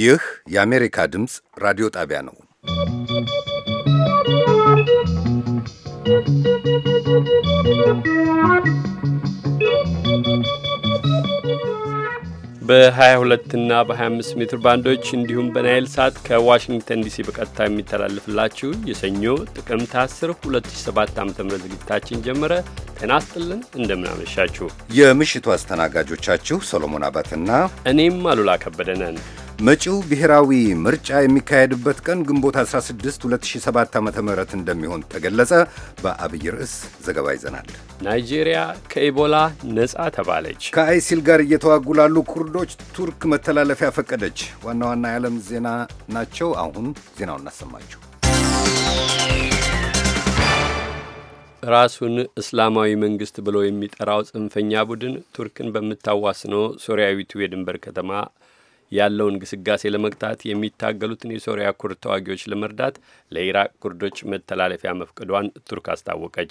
ይህ የአሜሪካ ድምፅ ራዲዮ ጣቢያ ነው። በ22 እና በ25 ሜትር ባንዶች እንዲሁም በናይል ሳት ከዋሽንግተን ዲሲ በቀጥታ የሚተላለፍላችሁ የሰኞ ጥቅምት 10 2007 ዓ ም ዝግጅታችን ጀመረ። ጤና ይስጥልን፣ እንደምናመሻችሁ። የምሽቱ አስተናጋጆቻችሁ ሰሎሞን አባትና እኔም አሉላ ከበደ ነን። መጪው ብሔራዊ ምርጫ የሚካሄድበት ቀን ግንቦት 16 2007 ዓ ም እንደሚሆን ተገለጸ። በአብይ ርዕስ ዘገባ ይዘናል። ናይጄሪያ ከኢቦላ ነፃ ተባለች። ከአይሲል ጋር እየተዋጉ ላሉ ኩርዶች ቱርክ መተላለፊያ ፈቀደች። ዋና ዋና የዓለም ዜና ናቸው። አሁን ዜናውን እናሰማችሁ። ራሱን እስላማዊ መንግስት ብሎ የሚጠራው ጽንፈኛ ቡድን ቱርክን በምታዋስነው ሶሪያዊቱ የድንበር ከተማ ያለውን ግስጋሴ ለመግታት የሚታገሉትን የሶሪያ ኩርድ ተዋጊዎች ለመርዳት ለኢራቅ ኩርዶች መተላለፊያ መፍቀዷን ቱርክ አስታወቀች።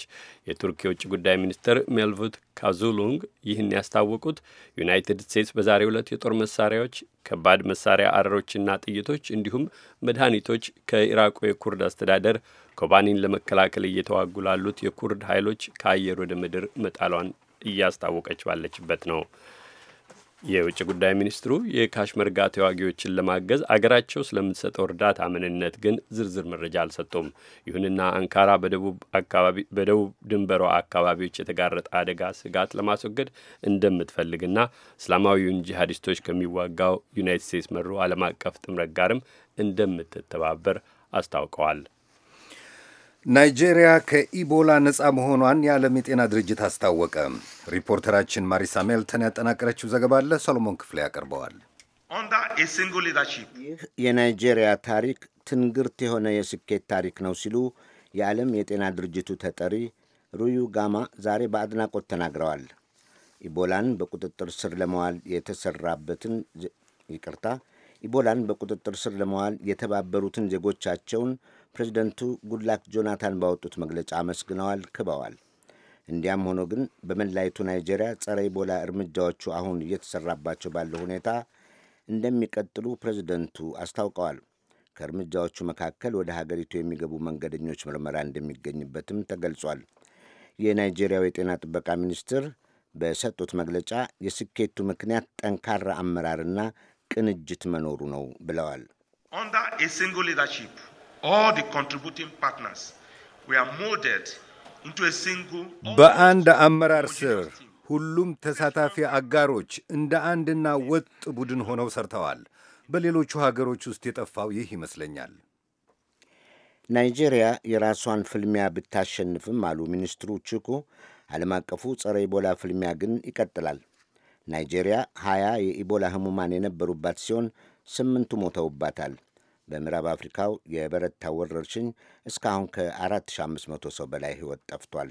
የቱርክ የውጭ ጉዳይ ሚኒስትር ሜልቭት ካዙሉንግ ይህን ያስታወቁት ዩናይትድ ስቴትስ በዛሬው ዕለት የጦር መሳሪያዎች፣ ከባድ መሳሪያ አረሮችና ጥይቶች እንዲሁም መድኃኒቶች ከኢራቁ የኩርድ አስተዳደር ኮባኒን ለመከላከል እየተዋጉ ላሉት የኩርድ ኃይሎች ከአየር ወደ ምድር መጣሏን እያስታወቀች ባለችበት ነው። የውጭ ጉዳይ ሚኒስትሩ የካሽመርጋ ተዋጊዎችን ለማገዝ አገራቸው ስለምትሰጠው እርዳታ ምንነት ግን ዝርዝር መረጃ አልሰጡም። ይሁንና አንካራ በደቡብ ድንበሯ አካባቢዎች የተጋረጠ አደጋ ስጋት ለማስወገድ እንደምትፈልግና እስላማዊውን ጂሃዲስቶች ከሚዋጋው ዩናይትድ ስቴትስ መሩ ዓለም አቀፍ ጥምረት ጋርም እንደምትተባበር አስታውቀዋል። ናይጄሪያ ከኢቦላ ነፃ መሆኗን የዓለም የጤና ድርጅት አስታወቀ። ሪፖርተራችን ማሪሳ ሜልተን ያጠናቀረችው ዘገባ አለ፣ ሰሎሞን ክፍሌ ያቀርበዋል። ይህ የናይጄሪያ ታሪክ ትንግርት የሆነ የስኬት ታሪክ ነው ሲሉ የዓለም የጤና ድርጅቱ ተጠሪ ሩዩ ጋማ ዛሬ በአድናቆት ተናግረዋል። ኢቦላን በቁጥጥር ስር ለመዋል የተሰራበትን ይቅርታ ኢቦላን በቁጥጥር ስር ለመዋል የተባበሩትን ዜጎቻቸውን ፕሬዚደንቱ ጉድላክ ጆናታን ባወጡት መግለጫ አመስግነዋል፣ ክበዋል። እንዲያም ሆኖ ግን በመላይቱ ናይጄሪያ ጸረ ኢቦላ እርምጃዎቹ አሁን እየተሰራባቸው ባለው ሁኔታ እንደሚቀጥሉ ፕሬዚደንቱ አስታውቀዋል። ከእርምጃዎቹ መካከል ወደ ሀገሪቱ የሚገቡ መንገደኞች ምርመራ እንደሚገኝበትም ተገልጿል። የናይጄሪያው የጤና ጥበቃ ሚኒስትር በሰጡት መግለጫ የስኬቱ ምክንያት ጠንካራ አመራርና ቅንጅት መኖሩ ነው ብለዋል። Under a ሊደርሺፕ all the contributing partners were molded into a single በአንድ አመራር ስር ሁሉም ተሳታፊ አጋሮች እንደ አንድና ወጥ ቡድን ሆነው ሰርተዋል። በሌሎቹ ሀገሮች ውስጥ የጠፋው ይህ ይመስለኛል። ናይጄሪያ የራሷን ፍልሚያ ብታሸንፍም አሉ ሚኒስትሩ ችኩ፣ ዓለም አቀፉ ጸረ ኢቦላ ፍልሚያ ግን ይቀጥላል። ናይጄሪያ ሀያ የኢቦላ ህሙማን የነበሩባት ሲሆን ስምንቱ ሞተውባታል። በምዕራብ አፍሪካው የበረታ ወረርሽኝ እስካሁን ከ4500 ሰው በላይ ሕይወት ጠፍቷል።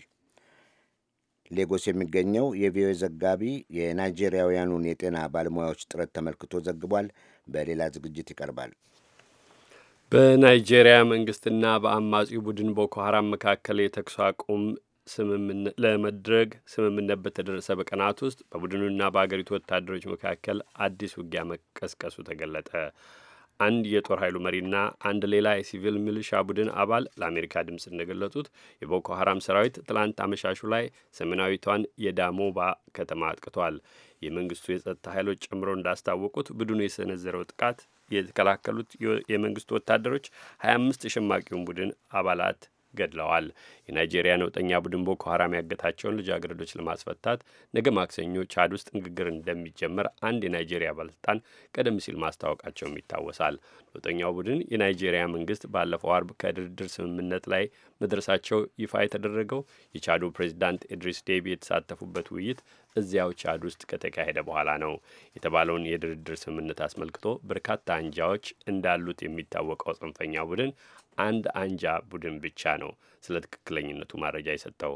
ሌጎስ የሚገኘው የቪኦኤ ዘጋቢ የናይጄሪያውያኑን የጤና ባለሙያዎች ጥረት ተመልክቶ ዘግቧል። በሌላ ዝግጅት ይቀርባል። በናይጄሪያ መንግስትና በአማጺው ቡድን ቦኮ ሀራም መካከል የተኩስ አቁም ለመድረግ ስምምነት በተደረሰ በቀናት ውስጥ በቡድኑና በአገሪቱ ወታደሮች መካከል አዲስ ውጊያ መቀስቀሱ ተገለጠ። አንድ የጦር ኃይሉ መሪና አንድ ሌላ የሲቪል ሚሊሻ ቡድን አባል ለአሜሪካ ድምፅ እንደገለጡት የቦኮ ሀራም ሰራዊት ትላንት አመሻሹ ላይ ሰሜናዊቷን የዳሞባ ከተማ አጥቅቷል። የመንግስቱ የጸጥታ ኃይሎች ጨምሮ እንዳስታወቁት ቡድኑ የሰነዘረው ጥቃት የተከላከሉት የመንግስቱ ወታደሮች 25 የሸማቂውን ቡድን አባላት ገድለዋል። የናይጄሪያ ነውጠኛ ቡድን ቦኮ ሀራም ያገታቸውን ልጃገረዶች ለማስፈታት ነገ ማክሰኞ ቻድ ውስጥ ንግግር እንደሚጀመር አንድ የናይጄሪያ ባለስልጣን ቀደም ሲል ማስታወቃቸውም ይታወሳል። ነውጠኛው ቡድን የናይጄሪያ መንግስት ባለፈው አርብ ከድርድር ስምምነት ላይ መድረሳቸው ይፋ የተደረገው የቻዱ ፕሬዚዳንት ኤድሪስ ዴቢ የተሳተፉበት ውይይት እዚያው ቻድ ውስጥ ከተካሄደ በኋላ ነው የተባለውን የድርድር ስምምነት አስመልክቶ በርካታ አንጃዎች እንዳሉት የሚታወቀው ጽንፈኛ ቡድን አንድ አንጃ ቡድን ብቻ ነው ስለ ትክክለኝነቱ ማረጃ የሰጠው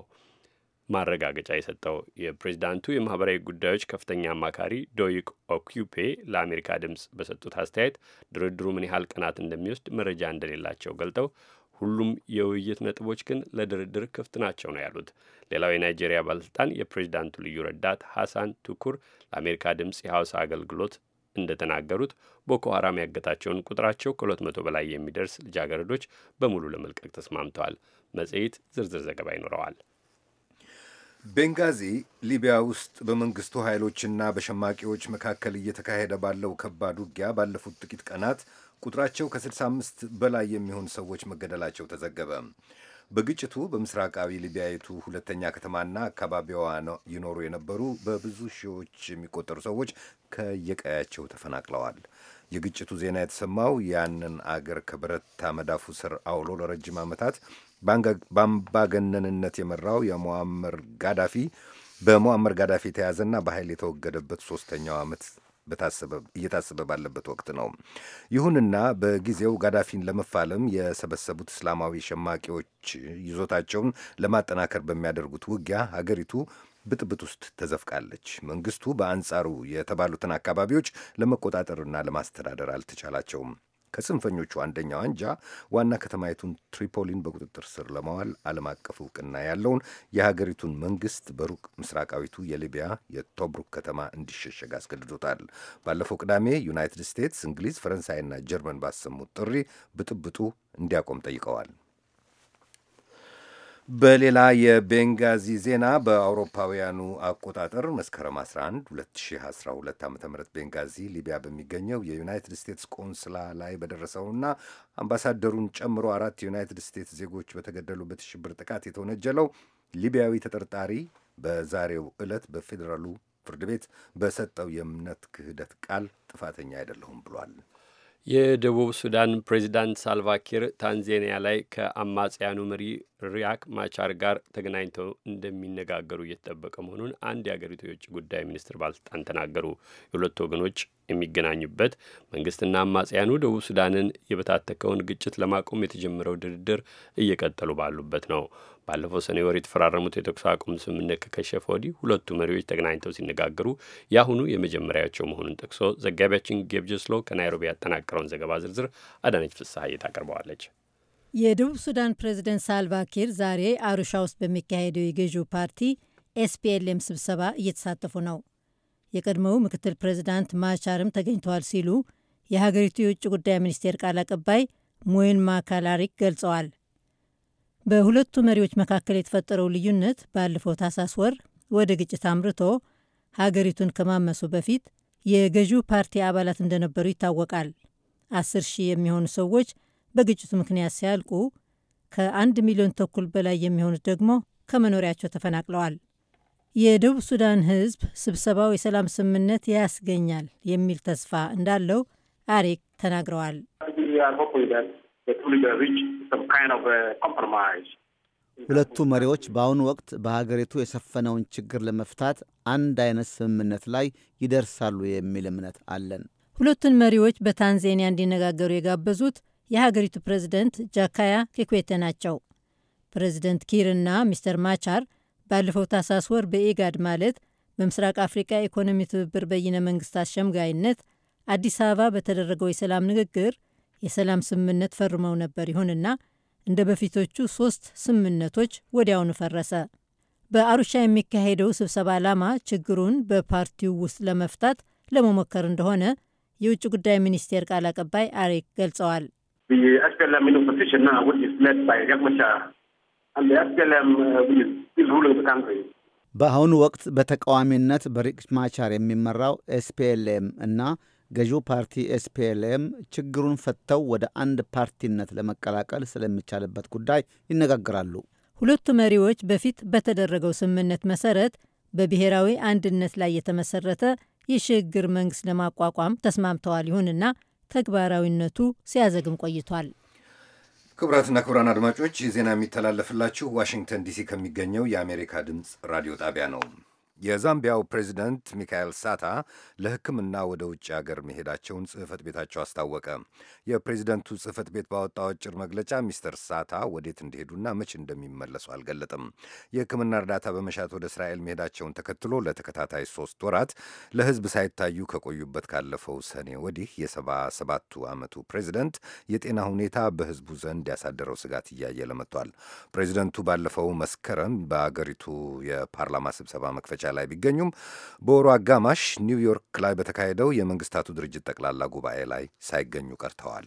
ማረጋገጫ የሰጠው። የፕሬዚዳንቱ የማህበራዊ ጉዳዮች ከፍተኛ አማካሪ ዶይክ ኦኩፔ ለአሜሪካ ድምፅ በሰጡት አስተያየት ድርድሩ ምን ያህል ቀናት እንደሚወስድ መረጃ እንደሌላቸው ገልጠው ሁሉም የውይይት ነጥቦች ግን ለድርድር ክፍት ናቸው ነው ያሉት። ሌላው የናይጄሪያ ባለስልጣን የፕሬዚዳንቱ ልዩ ረዳት ሐሳን ቱኩር ለአሜሪካ ድምፅ የሐውሳ አገልግሎት እንደተናገሩት ቦኮ ሀራም ያገታቸውን ቁጥራቸው ከ200 በላይ የሚደርስ ልጃገረዶች በሙሉ ለመልቀቅ ተስማምተዋል። መጽሔት ዝርዝር ዘገባ ይኖረዋል። ቤንጋዚ ሊቢያ ውስጥ በመንግስቱ ኃይሎችና በሸማቂዎች መካከል እየተካሄደ ባለው ከባድ ውጊያ ባለፉት ጥቂት ቀናት ቁጥራቸው ከ65 በላይ የሚሆን ሰዎች መገደላቸው ተዘገበ። በግጭቱ በምስራቃዊ ሊቢያዊቱ ሁለተኛ ከተማና አካባቢዋ ይኖሩ የነበሩ በብዙ ሺዎች የሚቆጠሩ ሰዎች ከየቀያቸው ተፈናቅለዋል። የግጭቱ ዜና የተሰማው ያንን አገር ከበረታ መዳፉ ስር አውሎ ለረጅም ዓመታት በአምባገነንነት የመራው የሙአመር ጋዳፊ በሙአመር ጋዳፊ የተያዘና በኃይል የተወገደበት ሶስተኛው ዓመት እየታሰበ ባለበት ወቅት ነው። ይሁንና በጊዜው ጋዳፊን ለመፋለም የሰበሰቡት እስላማዊ ሸማቂዎች ይዞታቸውን ለማጠናከር በሚያደርጉት ውጊያ ሀገሪቱ ብጥብጥ ውስጥ ተዘፍቃለች። መንግስቱ በአንጻሩ የተባሉትን አካባቢዎች ለመቆጣጠርና ለማስተዳደር አልተቻላቸውም። ከጽንፈኞቹ አንደኛ አንጃ ዋና ከተማይቱን ትሪፖሊን በቁጥጥር ስር ለማዋል ዓለም አቀፍ እውቅና ያለውን የሀገሪቱን መንግስት በሩቅ ምስራቃዊቱ የሊቢያ የቶብሩክ ከተማ እንዲሸሸግ አስገድዶታል። ባለፈው ቅዳሜ ዩናይትድ ስቴትስ፣ እንግሊዝ፣ ፈረንሳይና ጀርመን ባሰሙት ጥሪ ብጥብጡ እንዲያቆም ጠይቀዋል። በሌላ የቤንጋዚ ዜና በአውሮፓውያኑ አቆጣጠር መስከረም 11 2012 ዓ ም ቤንጋዚ ሊቢያ በሚገኘው የዩናይትድ ስቴትስ ቆንስላ ላይ በደረሰውና አምባሳደሩን ጨምሮ አራት የዩናይትድ ስቴትስ ዜጎች በተገደሉበት ሽብር ጥቃት የተወነጀለው ሊቢያዊ ተጠርጣሪ በዛሬው ዕለት በፌዴራሉ ፍርድ ቤት በሰጠው የእምነት ክህደት ቃል ጥፋተኛ አይደለሁም ብሏል። የደቡብ ሱዳን ፕሬዚዳንት ሳልቫኪር ታንዛኒያ ላይ ከአማጽያኑ መሪ ሪያክ ማቻር ጋር ተገናኝተው እንደሚነጋገሩ እየተጠበቀ መሆኑን አንድ የአገሪቱ የውጭ ጉዳይ ሚኒስትር ባለስልጣን ተናገሩ። የሁለቱ ወገኖች የሚገናኙበት መንግስትና አማጽያኑ ደቡብ ሱዳንን የበታተከውን ግጭት ለማቆም የተጀመረው ድርድር እየቀጠሉ ባሉበት ነው። ባለፈው ሰኔ ወር የተፈራረሙት የተኩስ አቁም ስምምነት ከከሸፈ ወዲህ ሁለቱ መሪዎች ተገናኝተው ሲነጋገሩ የአሁኑ የመጀመሪያቸው መሆኑን ጠቅሶ ዘጋቢያችን ጌብጀስሎ ከናይሮቢ ያጠናቀረውን ዘገባ ዝርዝር አዳነች ፍስሐ እየታቀርበዋለች። የደቡብ ሱዳን ፕሬዚደንት ሳልቫኪር ዛሬ አሩሻ ውስጥ በሚካሄደው የገዢው ፓርቲ ኤስፒኤልኤም ስብሰባ እየተሳተፉ ነው። የቀድሞው ምክትል ፕሬዚዳንት ማቻርም ተገኝተዋል ሲሉ የሀገሪቱ የውጭ ጉዳይ ሚኒስቴር ቃል አቀባይ ሞይን ማካላሪክ ገልጸዋል። በሁለቱ መሪዎች መካከል የተፈጠረው ልዩነት ባለፈው ታሳስ ወር ወደ ግጭት አምርቶ ሀገሪቱን ከማመሱ በፊት የገዢው ፓርቲ አባላት እንደነበሩ ይታወቃል። አስር ሺህ የሚሆኑ ሰዎች በግጭቱ ምክንያት ሲያልቁ ከአንድ ሚሊዮን ተኩል በላይ የሚሆኑት ደግሞ ከመኖሪያቸው ተፈናቅለዋል። የደቡብ ሱዳን ሕዝብ ስብሰባው የሰላም ስምምነት ያስገኛል የሚል ተስፋ እንዳለው አሪክ ተናግረዋል። Uh, ሁለቱ መሪዎች በአሁኑ ወቅት በሀገሪቱ የሰፈነውን ችግር ለመፍታት አንድ አይነት ስምምነት ላይ ይደርሳሉ የሚል እምነት አለን። ሁለቱን መሪዎች በታንዛኒያ እንዲነጋገሩ የጋበዙት የሀገሪቱ ፕሬዝደንት ጃካያ ኬኩዌቴ ናቸው። ፕሬዝደንት ኪርና ሚስተር ማቻር ባለፈው ታሳስ ወር በኢጋድ ማለት በምስራቅ አፍሪካ ኢኮኖሚ ትብብር በይነ መንግስታት ሸምጋይነት አዲስ አበባ በተደረገው የሰላም ንግግር የሰላም ስምምነት ፈርመው ነበር። ይሁንና እንደ በፊቶቹ ሶስት ስምምነቶች ወዲያውኑ ፈረሰ። በአሩሻ የሚካሄደው ስብሰባ ዓላማ ችግሩን በፓርቲው ውስጥ ለመፍታት ለመሞከር እንደሆነ የውጭ ጉዳይ ሚኒስቴር ቃል አቀባይ አሪክ ገልጸዋል። በአሁኑ ወቅት በተቃዋሚነት በሪክ ማቻር የሚመራው ኤስፒኤልኤም እና ገዢው ፓርቲ ኤስፒኤልኤም ችግሩን ፈተው ወደ አንድ ፓርቲነት ለመቀላቀል ስለሚቻልበት ጉዳይ ይነጋገራሉ። ሁለቱ መሪዎች በፊት በተደረገው ስምምነት መሰረት በብሔራዊ አንድነት ላይ የተመሰረተ የሽግግር መንግስት ለማቋቋም ተስማምተዋል። ይሁንና ተግባራዊነቱ ሲያዘግም ቆይቷል። ክቡራትና ክቡራን አድማጮች ዜና የሚተላለፍላችሁ ዋሽንግተን ዲሲ ከሚገኘው የአሜሪካ ድምፅ ራዲዮ ጣቢያ ነው። የዛምቢያው ፕሬዚደንት ሚካኤል ሳታ ለሕክምና ወደ ውጭ አገር መሄዳቸውን ጽህፈት ቤታቸው አስታወቀ። የፕሬዚደንቱ ጽህፈት ቤት ባወጣው አጭር መግለጫ ሚስተር ሳታ ወዴት እንደሄዱና መቼ እንደሚመለሱ አልገለጠም። የሕክምና እርዳታ በመሻት ወደ እስራኤል መሄዳቸውን ተከትሎ ለተከታታይ ሶስት ወራት ለሕዝብ ሳይታዩ ከቆዩበት ካለፈው ሰኔ ወዲህ የሰባ ሰባቱ ዓመቱ ፕሬዚደንት የጤና ሁኔታ በሕዝቡ ዘንድ ያሳደረው ስጋት እያየለ መጥቷል። ፕሬዚደንቱ ባለፈው መስከረም በአገሪቱ የፓርላማ ስብሰባ መክፈቻ መቋጫ ላይ ቢገኙም በወሩ አጋማሽ ኒውዮርክ ላይ በተካሄደው የመንግስታቱ ድርጅት ጠቅላላ ጉባኤ ላይ ሳይገኙ ቀርተዋል።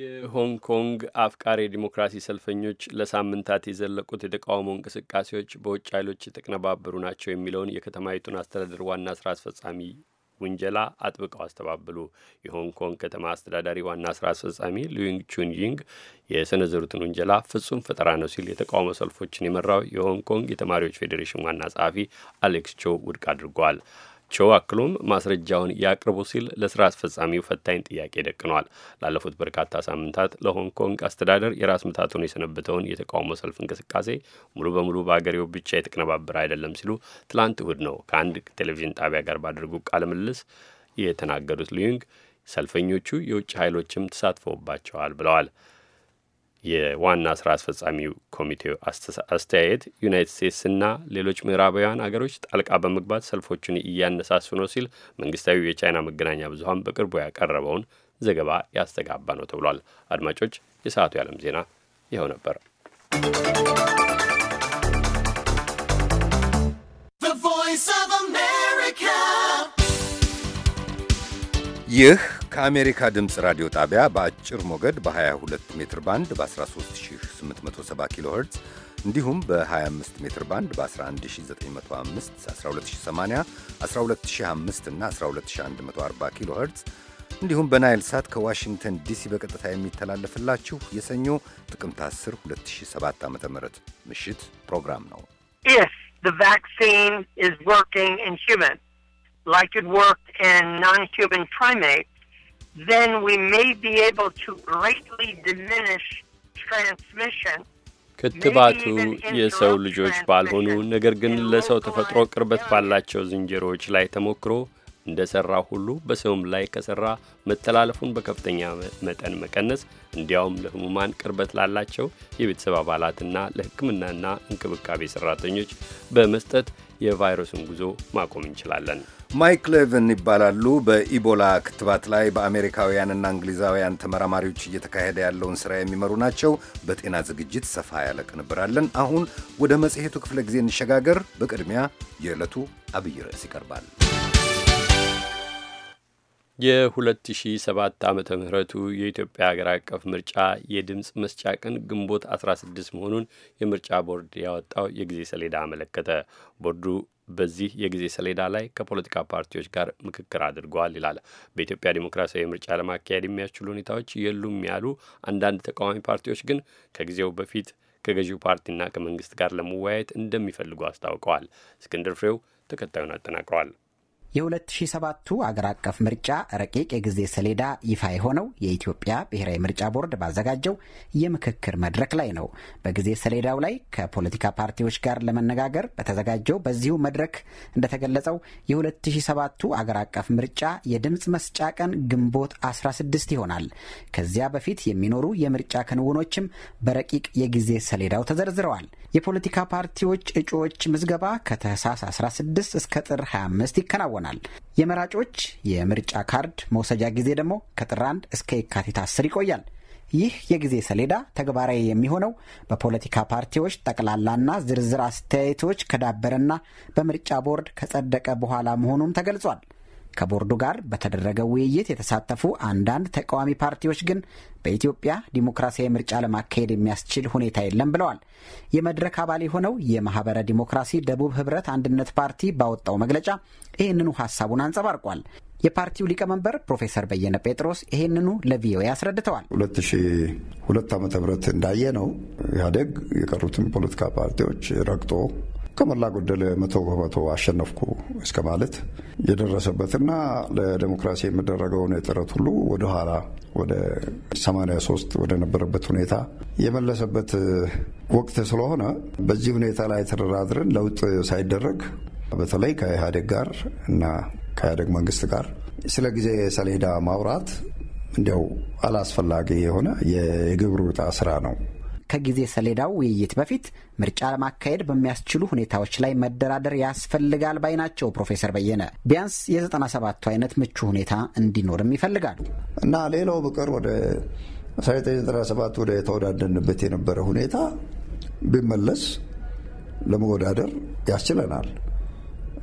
የሆንግ ኮንግ አፍቃሪ ዲሞክራሲ ሰልፈኞች ለሳምንታት የዘለቁት የተቃውሞ እንቅስቃሴዎች በውጭ ኃይሎች የተቀነባበሩ ናቸው የሚለውን የከተማይቱን አስተዳደር ዋና ስራ አስፈጻሚ ውንጀላ አጥብቀው አስተባበሉ። የሆንግ ኮንግ ከተማ አስተዳዳሪ ዋና ስራ አስፈጻሚ ሉዊንግ ቹንጂንግ የሰነዘሩትን ውንጀላ ፍጹም ፈጠራ ነው ሲል የተቃውሞ ሰልፎችን የመራው የሆንግ ኮንግ የተማሪዎች ፌዴሬሽን ዋና ጸሐፊ አሌክስ ቾ ውድቅ አድርጓል። ናቸው። አክሎም ማስረጃውን ያቅርቡ ሲል ለስራ አስፈጻሚው ፈታኝ ጥያቄ ደቅኗል። ላለፉት በርካታ ሳምንታት ለሆንግ ኮንግ አስተዳደር የራስ ምታቱን የሰነበተውን የተቃውሞ ሰልፍ እንቅስቃሴ ሙሉ በሙሉ በአገሬው ብቻ የተቀነባበረ አይደለም ሲሉ ትላንት እሁድ ነው ከአንድ ቴሌቪዥን ጣቢያ ጋር ባደረጉ ቃለ ምልልስ የተናገሩት ሊዩንግ ሰልፈኞቹ የውጭ ኃይሎችም ተሳትፈውባቸዋል ብለዋል። የዋና ስራ አስፈጻሚው ኮሚቴው አስተያየት ዩናይት ስቴትስና ሌሎች ምዕራባውያን አገሮች ጣልቃ በመግባት ሰልፎቹን እያነሳሱ ነው ሲል መንግስታዊው የቻይና መገናኛ ብዙሀን በቅርቡ ያቀረበውን ዘገባ ያስተጋባ ነው ተብሏል። አድማጮች፣ የሰዓቱ የዓለም ዜና ይኸው ነበር። ይህ ከአሜሪካ ድምፅ ራዲዮ ጣቢያ በአጭር ሞገድ በ22 ሜትር ባንድ በ13870 ኪሎ ኸርትዝ እንዲሁም በ25 ሜትር ባንድ በ11905፣ 12080፣ 12005 እና 12140 ኪሎ ኸርትዝ እንዲሁም በናይል ሳት ከዋሽንግተን ዲሲ በቀጥታ የሚተላለፍላችሁ የሰኞ ጥቅምት 10 2007 ዓ ም ምሽት ፕሮግራም ነው። ኢፍ ዘ ቫክሲን ኢዝ ወርኪንግ ኢን ሂውማን ላይክ ኢት ወርክድ ኢን ናን ሂውማን ፕራይሜት then we may be able to greatly diminish transmission. ክትባቱ የሰው ልጆች ባልሆኑ ነገር ግን ለሰው ተፈጥሮ ቅርበት ባላቸው ዝንጀሮዎች ላይ ተሞክሮ እንደ ሠራ ሁሉ በሰውም ላይ ከሠራ መተላለፉን በከፍተኛ መጠን መቀነስ እንዲያውም ለሕሙማን ቅርበት ላላቸው የቤተሰብ አባላትና ለሕክምናና እንክብካቤ ሠራተኞች በመስጠት የቫይረሱን ጉዞ ማቆም እንችላለን። ማይክ ሌቭን ይባላሉ። በኢቦላ ክትባት ላይ በአሜሪካውያንና እንግሊዛውያን ተመራማሪዎች እየተካሄደ ያለውን ሥራ የሚመሩ ናቸው። በጤና ዝግጅት ሰፋ ያለ ቅንብራለን። አሁን ወደ መጽሔቱ ክፍለ ጊዜ እንሸጋገር። በቅድሚያ የዕለቱ አብይ ርዕስ ይቀርባል። የ2007 ዓመተ ምህረቱ የኢትዮጵያ ሀገር አቀፍ ምርጫ የድምፅ መስጫ ቀን ግንቦት 16 መሆኑን የምርጫ ቦርድ ያወጣው የጊዜ ሰሌዳ አመለከተ። ቦርዱ በዚህ የጊዜ ሰሌዳ ላይ ከፖለቲካ ፓርቲዎች ጋር ምክክር አድርጓል ይላል። በኢትዮጵያ ዴሞክራሲያዊ ምርጫ ለማካሄድ የሚያስችሉ ሁኔታዎች የሉም ያሉ አንዳንድ ተቃዋሚ ፓርቲዎች ግን ከጊዜው በፊት ከገዢው ፓርቲና ከመንግስት ጋር ለመወያየት እንደሚፈልጉ አስታውቀዋል። እስክንድር ፍሬው ተከታዩን አጠናቅረዋል። የ2007ቱ አገር አቀፍ ምርጫ ረቂቅ የጊዜ ሰሌዳ ይፋ የሆነው የኢትዮጵያ ብሔራዊ ምርጫ ቦርድ ባዘጋጀው የምክክር መድረክ ላይ ነው። በጊዜ ሰሌዳው ላይ ከፖለቲካ ፓርቲዎች ጋር ለመነጋገር በተዘጋጀው በዚሁ መድረክ እንደተገለጸው የ2007ቱ አገር አቀፍ ምርጫ የድምፅ መስጫ ቀን ግንቦት 16 ይሆናል። ከዚያ በፊት የሚኖሩ የምርጫ ክንውኖችም በረቂቅ የጊዜ ሰሌዳው ተዘርዝረዋል። የፖለቲካ ፓርቲዎች እጩዎች ምዝገባ ከታህሳስ 16 እስከ ጥር 25 ይከናወናል። ይሆናል። የመራጮች የምርጫ ካርድ መውሰጃ ጊዜ ደግሞ ከጥር አንድ እስከ የካቲት አስር ይቆያል። ይህ የጊዜ ሰሌዳ ተግባራዊ የሚሆነው በፖለቲካ ፓርቲዎች ጠቅላላና ዝርዝር አስተያየቶች ከዳበረና በምርጫ ቦርድ ከጸደቀ በኋላ መሆኑም ተገልጿል። ከቦርዱ ጋር በተደረገው ውይይት የተሳተፉ አንዳንድ ተቃዋሚ ፓርቲዎች ግን በኢትዮጵያ ዲሞክራሲያዊ ምርጫ ለማካሄድ የሚያስችል ሁኔታ የለም ብለዋል። የመድረክ አባል የሆነው የማህበረ ዲሞክራሲ ደቡብ ህብረት አንድነት ፓርቲ ባወጣው መግለጫ ይህንኑ ሀሳቡን አንጸባርቋል። የፓርቲው ሊቀመንበር ፕሮፌሰር በየነ ጴጥሮስ ይህንኑ ለቪኦኤ አስረድተዋል። ሁለት ዓመተ እንዳየ ነው ኢህአዴግ የቀሩትን ፖለቲካ ፓርቲዎች ረግጦ ከመላ ጎደል መቶ በመቶ አሸነፍኩ እስከ ማለት የደረሰበትና ለዲሞክራሲ የሚደረገውን ጥረት ሁሉ ወደኋላ ወደ 83 ወደ ነበረበት ሁኔታ የመለሰበት ወቅት ስለሆነ በዚህ ሁኔታ ላይ ተደራድረን ለውጥ ሳይደረግ በተለይ ከኢህአዴግ ጋር እና ከኢህአዴግ መንግስት ጋር ስለ ጊዜ ሰሌዳ ማውራት እንዲያው አላስፈላጊ የሆነ የግብር ውጣ ስራ ነው። ከጊዜ ሰሌዳው ውይይት በፊት ምርጫ ለማካሄድ በሚያስችሉ ሁኔታዎች ላይ መደራደር ያስፈልጋል ባይ ናቸው ፕሮፌሰር በየነ። ቢያንስ የዘጠና ሰባቱ አይነት ምቹ ሁኔታ እንዲኖርም ይፈልጋሉ እና ሌላው ብቅር ወደ 1997 ወደ የተወዳደንበት የነበረ ሁኔታ ቢመለስ ለመወዳደር ያስችለናል።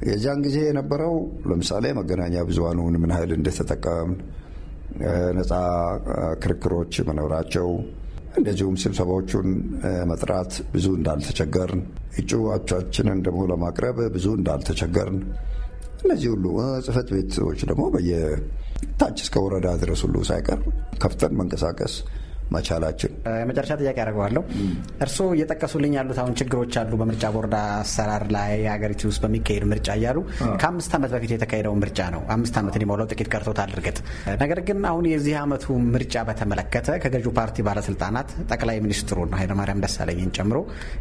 የዚያን ጊዜ የነበረው ለምሳሌ መገናኛ ብዙሃኑን ምን ያህል እንደተጠቀምን ነፃ ክርክሮች መኖራቸው እንደዚሁም ስብሰባዎቹን መጥራት ብዙ እንዳልተቸገርን፣ እጩዎቻችንን ደግሞ ለማቅረብ ብዙ እንዳልተቸገርን እነዚህ ሁሉ ጽህፈት ቤቶች ደግሞ በየታች እስከ ወረዳ ድረስ ሁሉ ሳይቀር ከፍተን መንቀሳቀስ መቻላችን። የመጨረሻ ጥያቄ ያደርገዋለሁ። እርስዎ እየጠቀሱልኝ ያሉት አሁን ችግሮች አሉ በምርጫ ቦርድ አሰራር ላይ ሀገሪቱ ውስጥ በሚካሄድ ምርጫ እያሉ ከአምስት ዓመት በፊት የተካሄደው ምርጫ ነው። አምስት ዓመት ሊሞላው ጥቂት ቀርቶታል እርግጥ። ነገር ግን አሁን የዚህ ዓመቱ ምርጫ በተመለከተ ከገዢው ፓርቲ ባለስልጣናት ጠቅላይ ሚኒስትሩን ኃይለማርያም ደሳለኝን ጨምሮ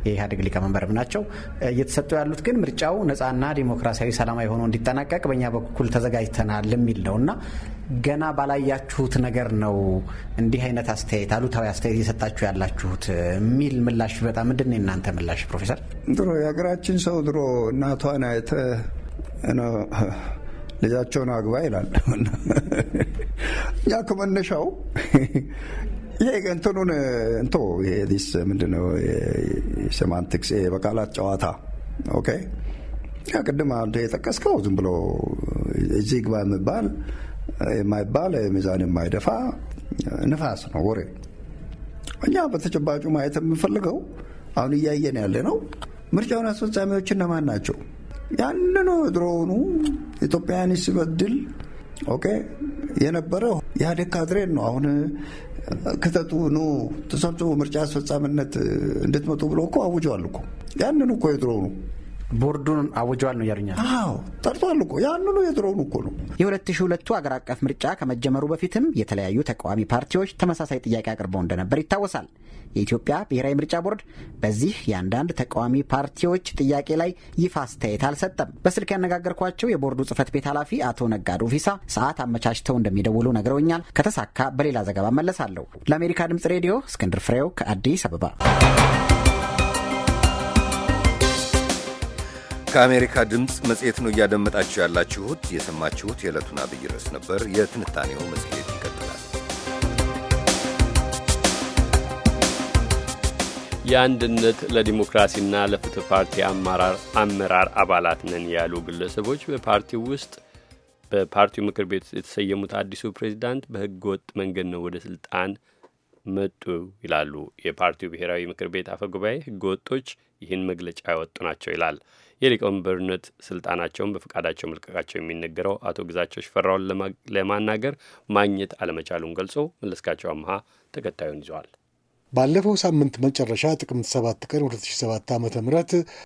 የኢህአዴግ ሊቀመንበርም ናቸው እየተሰጡ ያሉት ግን ምርጫው ነፃና ዲሞክራሲያዊ ሰላማዊ ሆኖ እንዲጠናቀቅ በእኛ በኩል ተዘጋጅተናል የሚል ነው እና ገና ባላያችሁት ነገር ነው እንዲህ አይነት አስተያየት አሉታዊ አስተያየት እየሰጣችሁ ያላችሁት የሚል ምላሽ በጣም ምንድን ነው የእናንተ ምላሽ ፕሮፌሰር? ድሮ የሀገራችን ሰው ድሮ እናቷን አይተ ልጃቸውን አግባ ይላል። እኛ ከመነሻው ይሄ እንትኑን እንቶ ዲስ ምንድነው ሴማንቲክስ በቃላት ጨዋታ ኦኬ። ቅድም አንተ የጠቀስከው ዝም ብሎ እዚህ ግባ የሚባል የማይባል ሚዛን የማይደፋ ንፋስ ነው ወሬ። እኛ በተጨባጩ ማየት የምንፈልገው አሁን እያየን ያለ ነው። ምርጫውን አስፈጻሚዎች እነማን ናቸው? ያንኑ ድሮውኑ ኢትዮጵያን ሲበድል ኦኬ የነበረ ኢህአዴግ ካድሬን ነው። አሁን ክተቱ ኑ ተሰብስቡ ምርጫ አስፈጻሚነት እንድትመጡ ብሎ እኮ አውጀዋል እኮ ያንን እኮ የድሮውኑ ቦርዱን አውጀዋል ነው ያሉኛ? አዎ ጠርቷል እኮ ያንኑ የድሮውን እኮ ነው። የሁለት ሺህ ሁለቱ አገር አቀፍ ምርጫ ከመጀመሩ በፊትም የተለያዩ ተቃዋሚ ፓርቲዎች ተመሳሳይ ጥያቄ አቅርበው እንደነበር ይታወሳል። የኢትዮጵያ ብሔራዊ ምርጫ ቦርድ በዚህ የአንዳንድ ተቃዋሚ ፓርቲዎች ጥያቄ ላይ ይፋ አስተያየት አልሰጠም። በስልክ ያነጋገርኳቸው የቦርዱ ጽህፈት ቤት ኃላፊ አቶ ነጋዱ ፊሳ ሰዓት አመቻችተው እንደሚደውሉ ነግረውኛል። ከተሳካ በሌላ ዘገባ መለሳለሁ። ለአሜሪካ ድምጽ ሬዲዮ እስክንድር ፍሬው ከአዲስ አበባ ከአሜሪካ ድምፅ መጽሔት ነው እያደመጣችሁ ያላችሁት። የሰማችሁት የዕለቱን አብይ ርዕስ ነበር። የትንታኔው መጽሔት ይቀጥላል። የአንድነት ለዲሞክራሲና ለፍትህ ፓርቲ አመራር አባላት ነን ያሉ ግለሰቦች በፓርቲው ውስጥ በፓርቲው ምክር ቤት የተሰየሙት አዲሱ ፕሬዚዳንት በሕገ ወጥ መንገድ ነው ወደ ስልጣን መጡ ይላሉ። የፓርቲው ብሔራዊ ምክር ቤት አፈጉባኤ ሕገ ወጦች ይህን መግለጫ ያወጡ ናቸው ይላል። የሊቀመንበርነት ስልጣናቸውን በፈቃዳቸው መልቀቃቸው የሚነገረው አቶ ግዛቸው ሽፈራውን ለማናገር ማግኘት አለመቻሉን ገልጾ መለስካቸው አምሃ ተከታዩን ይዘዋል። ባለፈው ሳምንት መጨረሻ ጥቅምት 7 ቀን 2007 ዓ ም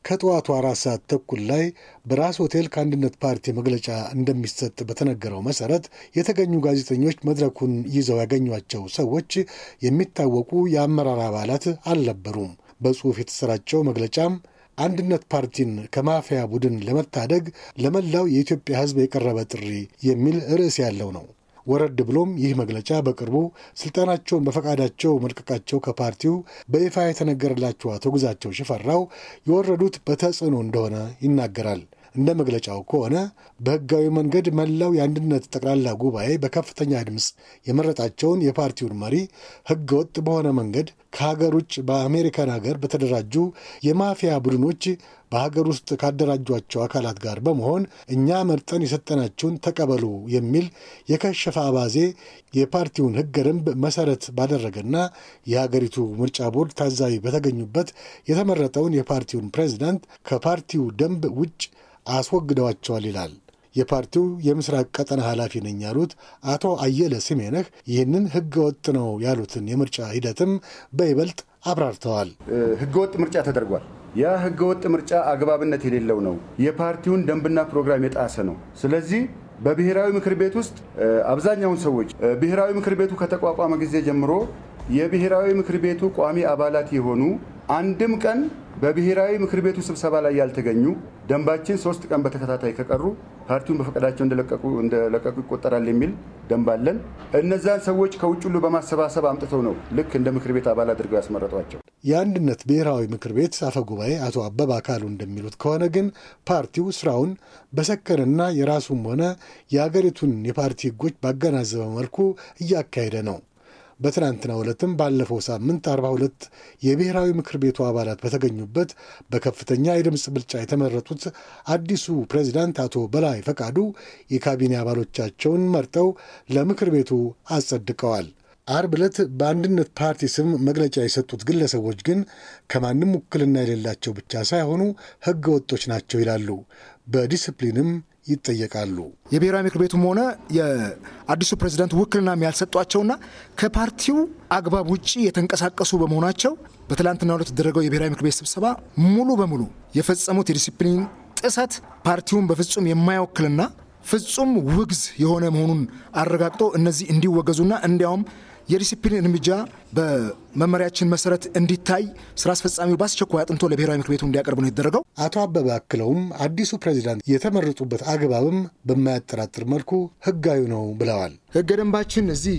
ከጠዋቱ አራት ሰዓት ተኩል ላይ በራስ ሆቴል ከአንድነት ፓርቲ መግለጫ እንደሚሰጥ በተነገረው መሰረት የተገኙ ጋዜጠኞች መድረኩን ይዘው ያገኟቸው ሰዎች የሚታወቁ የአመራር አባላት አልነበሩም። በጽሑፍ የተሰራጨው መግለጫም አንድነት ፓርቲን ከማፊያ ቡድን ለመታደግ ለመላው የኢትዮጵያ ሕዝብ የቀረበ ጥሪ የሚል ርዕስ ያለው ነው። ወረድ ብሎም ይህ መግለጫ በቅርቡ ስልጣናቸውን በፈቃዳቸው መልቀቃቸው ከፓርቲው በይፋ የተነገረላቸው አቶ ግዛቸው ሽፈራው የወረዱት በተጽዕኖ እንደሆነ ይናገራል። እንደ መግለጫው ከሆነ በህጋዊ መንገድ መላው የአንድነት ጠቅላላ ጉባኤ በከፍተኛ ድምፅ የመረጣቸውን የፓርቲውን መሪ ህገ ወጥ በሆነ መንገድ ከሀገር ውጭ በአሜሪካን ሀገር በተደራጁ የማፊያ ቡድኖች በሀገር ውስጥ ካደራጇቸው አካላት ጋር በመሆን እኛ መርጠን የሰጠናችሁን ተቀበሉ የሚል የከሸፈ አባዜ የፓርቲውን ህገ ደንብ መሰረት ባደረገና የሀገሪቱ ምርጫ ቦርድ ታዛቢ በተገኙበት የተመረጠውን የፓርቲውን ፕሬዚዳንት ከፓርቲው ደንብ ውጭ አስወግደዋቸዋል ይላል። የፓርቲው የምስራቅ ቀጠና ኃላፊ ነኝ ያሉት አቶ አየለ ስሜነህ ይህንን ህገ ወጥ ነው ያሉትን የምርጫ ሂደትም በይበልጥ አብራርተዋል። ህገ ወጥ ምርጫ ተደርጓል። ያ ህገ ወጥ ምርጫ አግባብነት የሌለው ነው። የፓርቲውን ደንብና ፕሮግራም የጣሰ ነው። ስለዚህ በብሔራዊ ምክር ቤት ውስጥ አብዛኛውን ሰዎች ብሔራዊ ምክር ቤቱ ከተቋቋመ ጊዜ ጀምሮ የብሔራዊ ምክር ቤቱ ቋሚ አባላት የሆኑ አንድም ቀን በብሔራዊ ምክር ቤቱ ስብሰባ ላይ ያልተገኙ ደንባችን ሶስት ቀን በተከታታይ ከቀሩ ፓርቲውን በፈቃዳቸው እንደለቀቁ ይቆጠራል የሚል ደንብ አለን። እነዛን ሰዎች ከውጭ ሁሉ በማሰባሰብ አምጥተው ነው ልክ እንደ ምክር ቤት አባል አድርገው ያስመረጧቸው። የአንድነት ብሔራዊ ምክር ቤት አፈ ጉባኤ አቶ አበባ አካሉ እንደሚሉት ከሆነ ግን ፓርቲው ስራውን በሰከንና የራሱም ሆነ የአገሪቱን የፓርቲ ህጎች ባገናዘበ መልኩ እያካሄደ ነው። በትናንትና ዕለትም ባለፈው ሳምንት 42 የብሔራዊ ምክር ቤቱ አባላት በተገኙበት በከፍተኛ የድምፅ ብልጫ የተመረጡት አዲሱ ፕሬዚዳንት አቶ በላይ ፈቃዱ የካቢኔ አባሎቻቸውን መርጠው ለምክር ቤቱ አጸድቀዋል። አርብ ዕለት በአንድነት ፓርቲ ስም መግለጫ የሰጡት ግለሰቦች ግን ከማንም ውክልና የሌላቸው ብቻ ሳይሆኑ ሕገ ወጦች ናቸው ይላሉ። በዲስፕሊንም ይጠየቃሉ። የብሔራዊ ምክር ቤቱም ሆነ የአዲሱ ፕሬዚዳንት ውክልና ያልሰጧቸውና ከፓርቲው አግባብ ውጭ የተንቀሳቀሱ በመሆናቸው በትላንትና ዕለት የተደረገው የብሔራዊ ምክር ቤት ስብሰባ ሙሉ በሙሉ የፈጸሙት የዲሲፕሊን ጥሰት ፓርቲውን በፍጹም የማይወክልና ፍጹም ውግዝ የሆነ መሆኑን አረጋግጦ እነዚህ እንዲወገዙና እንዲያውም የዲሲፕሊን እርምጃ በመመሪያችን መሰረት እንዲታይ ስራ አስፈጻሚው በአስቸኳይ አጥንቶ ለብሔራዊ ምክር ቤቱ እንዲያቀርብ ነው የተደረገው። አቶ አበበ አክለውም አዲሱ ፕሬዚዳንት የተመረጡበት አግባብም በማያጠራጥር መልኩ ህጋዊ ነው ብለዋል። ህገ ደንባችን እዚህ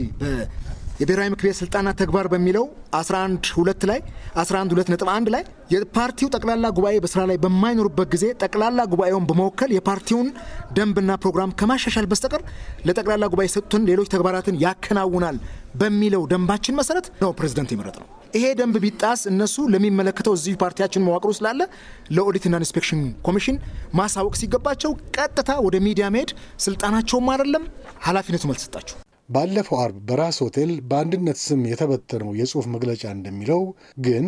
የብሔራዊ ምክር ቤት ስልጣናት ተግባር በሚለው 11 2 ላይ 11 2 ነጥብ 1 ላይ የፓርቲው ጠቅላላ ጉባኤ በስራ ላይ በማይኖርበት ጊዜ ጠቅላላ ጉባኤውን በመወከል የፓርቲውን ደንብና ፕሮግራም ከማሻሻል በስተቀር ለጠቅላላ ጉባኤ የሰጡትን ሌሎች ተግባራትን ያከናውናል በሚለው ደንባችን መሰረት ነው ፕሬዝደንት የመረጥ ነው። ይሄ ደንብ ቢጣስ እነሱ ለሚመለከተው እዚሁ ፓርቲያችን መዋቅሩ ስላለ ለኦዲትና ኢንስፔክሽን ኮሚሽን ማሳወቅ ሲገባቸው ቀጥታ ወደ ሚዲያ መሄድ ስልጣናቸውም አይደለም ኃላፊነቱም አልተሰጣቸው ባለፈው አርብ በራስ ሆቴል በአንድነት ስም የተበተነው የጽሑፍ መግለጫ እንደሚለው ግን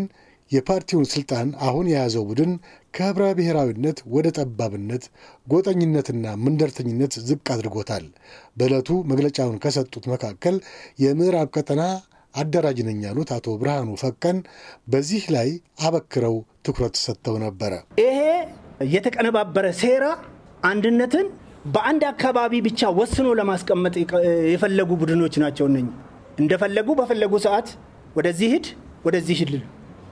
የፓርቲውን ስልጣን አሁን የያዘው ቡድን ከህብረ ብሔራዊነት ወደ ጠባብነት፣ ጎጠኝነትና ምንደርተኝነት ዝቅ አድርጎታል። በዕለቱ መግለጫውን ከሰጡት መካከል የምዕራብ ቀጠና አደራጅ ነኝ ያሉት አቶ ብርሃኑ ፈቀን በዚህ ላይ አበክረው ትኩረት ሰጥተው ነበረ። ይሄ የተቀነባበረ ሴራ አንድነትን በአንድ አካባቢ ብቻ ወስኖ ለማስቀመጥ የፈለጉ ቡድኖች ናቸው። እነኝ እንደፈለጉ በፈለጉ ሰዓት ወደዚህ ሂድ፣ ወደዚህ ሂድ።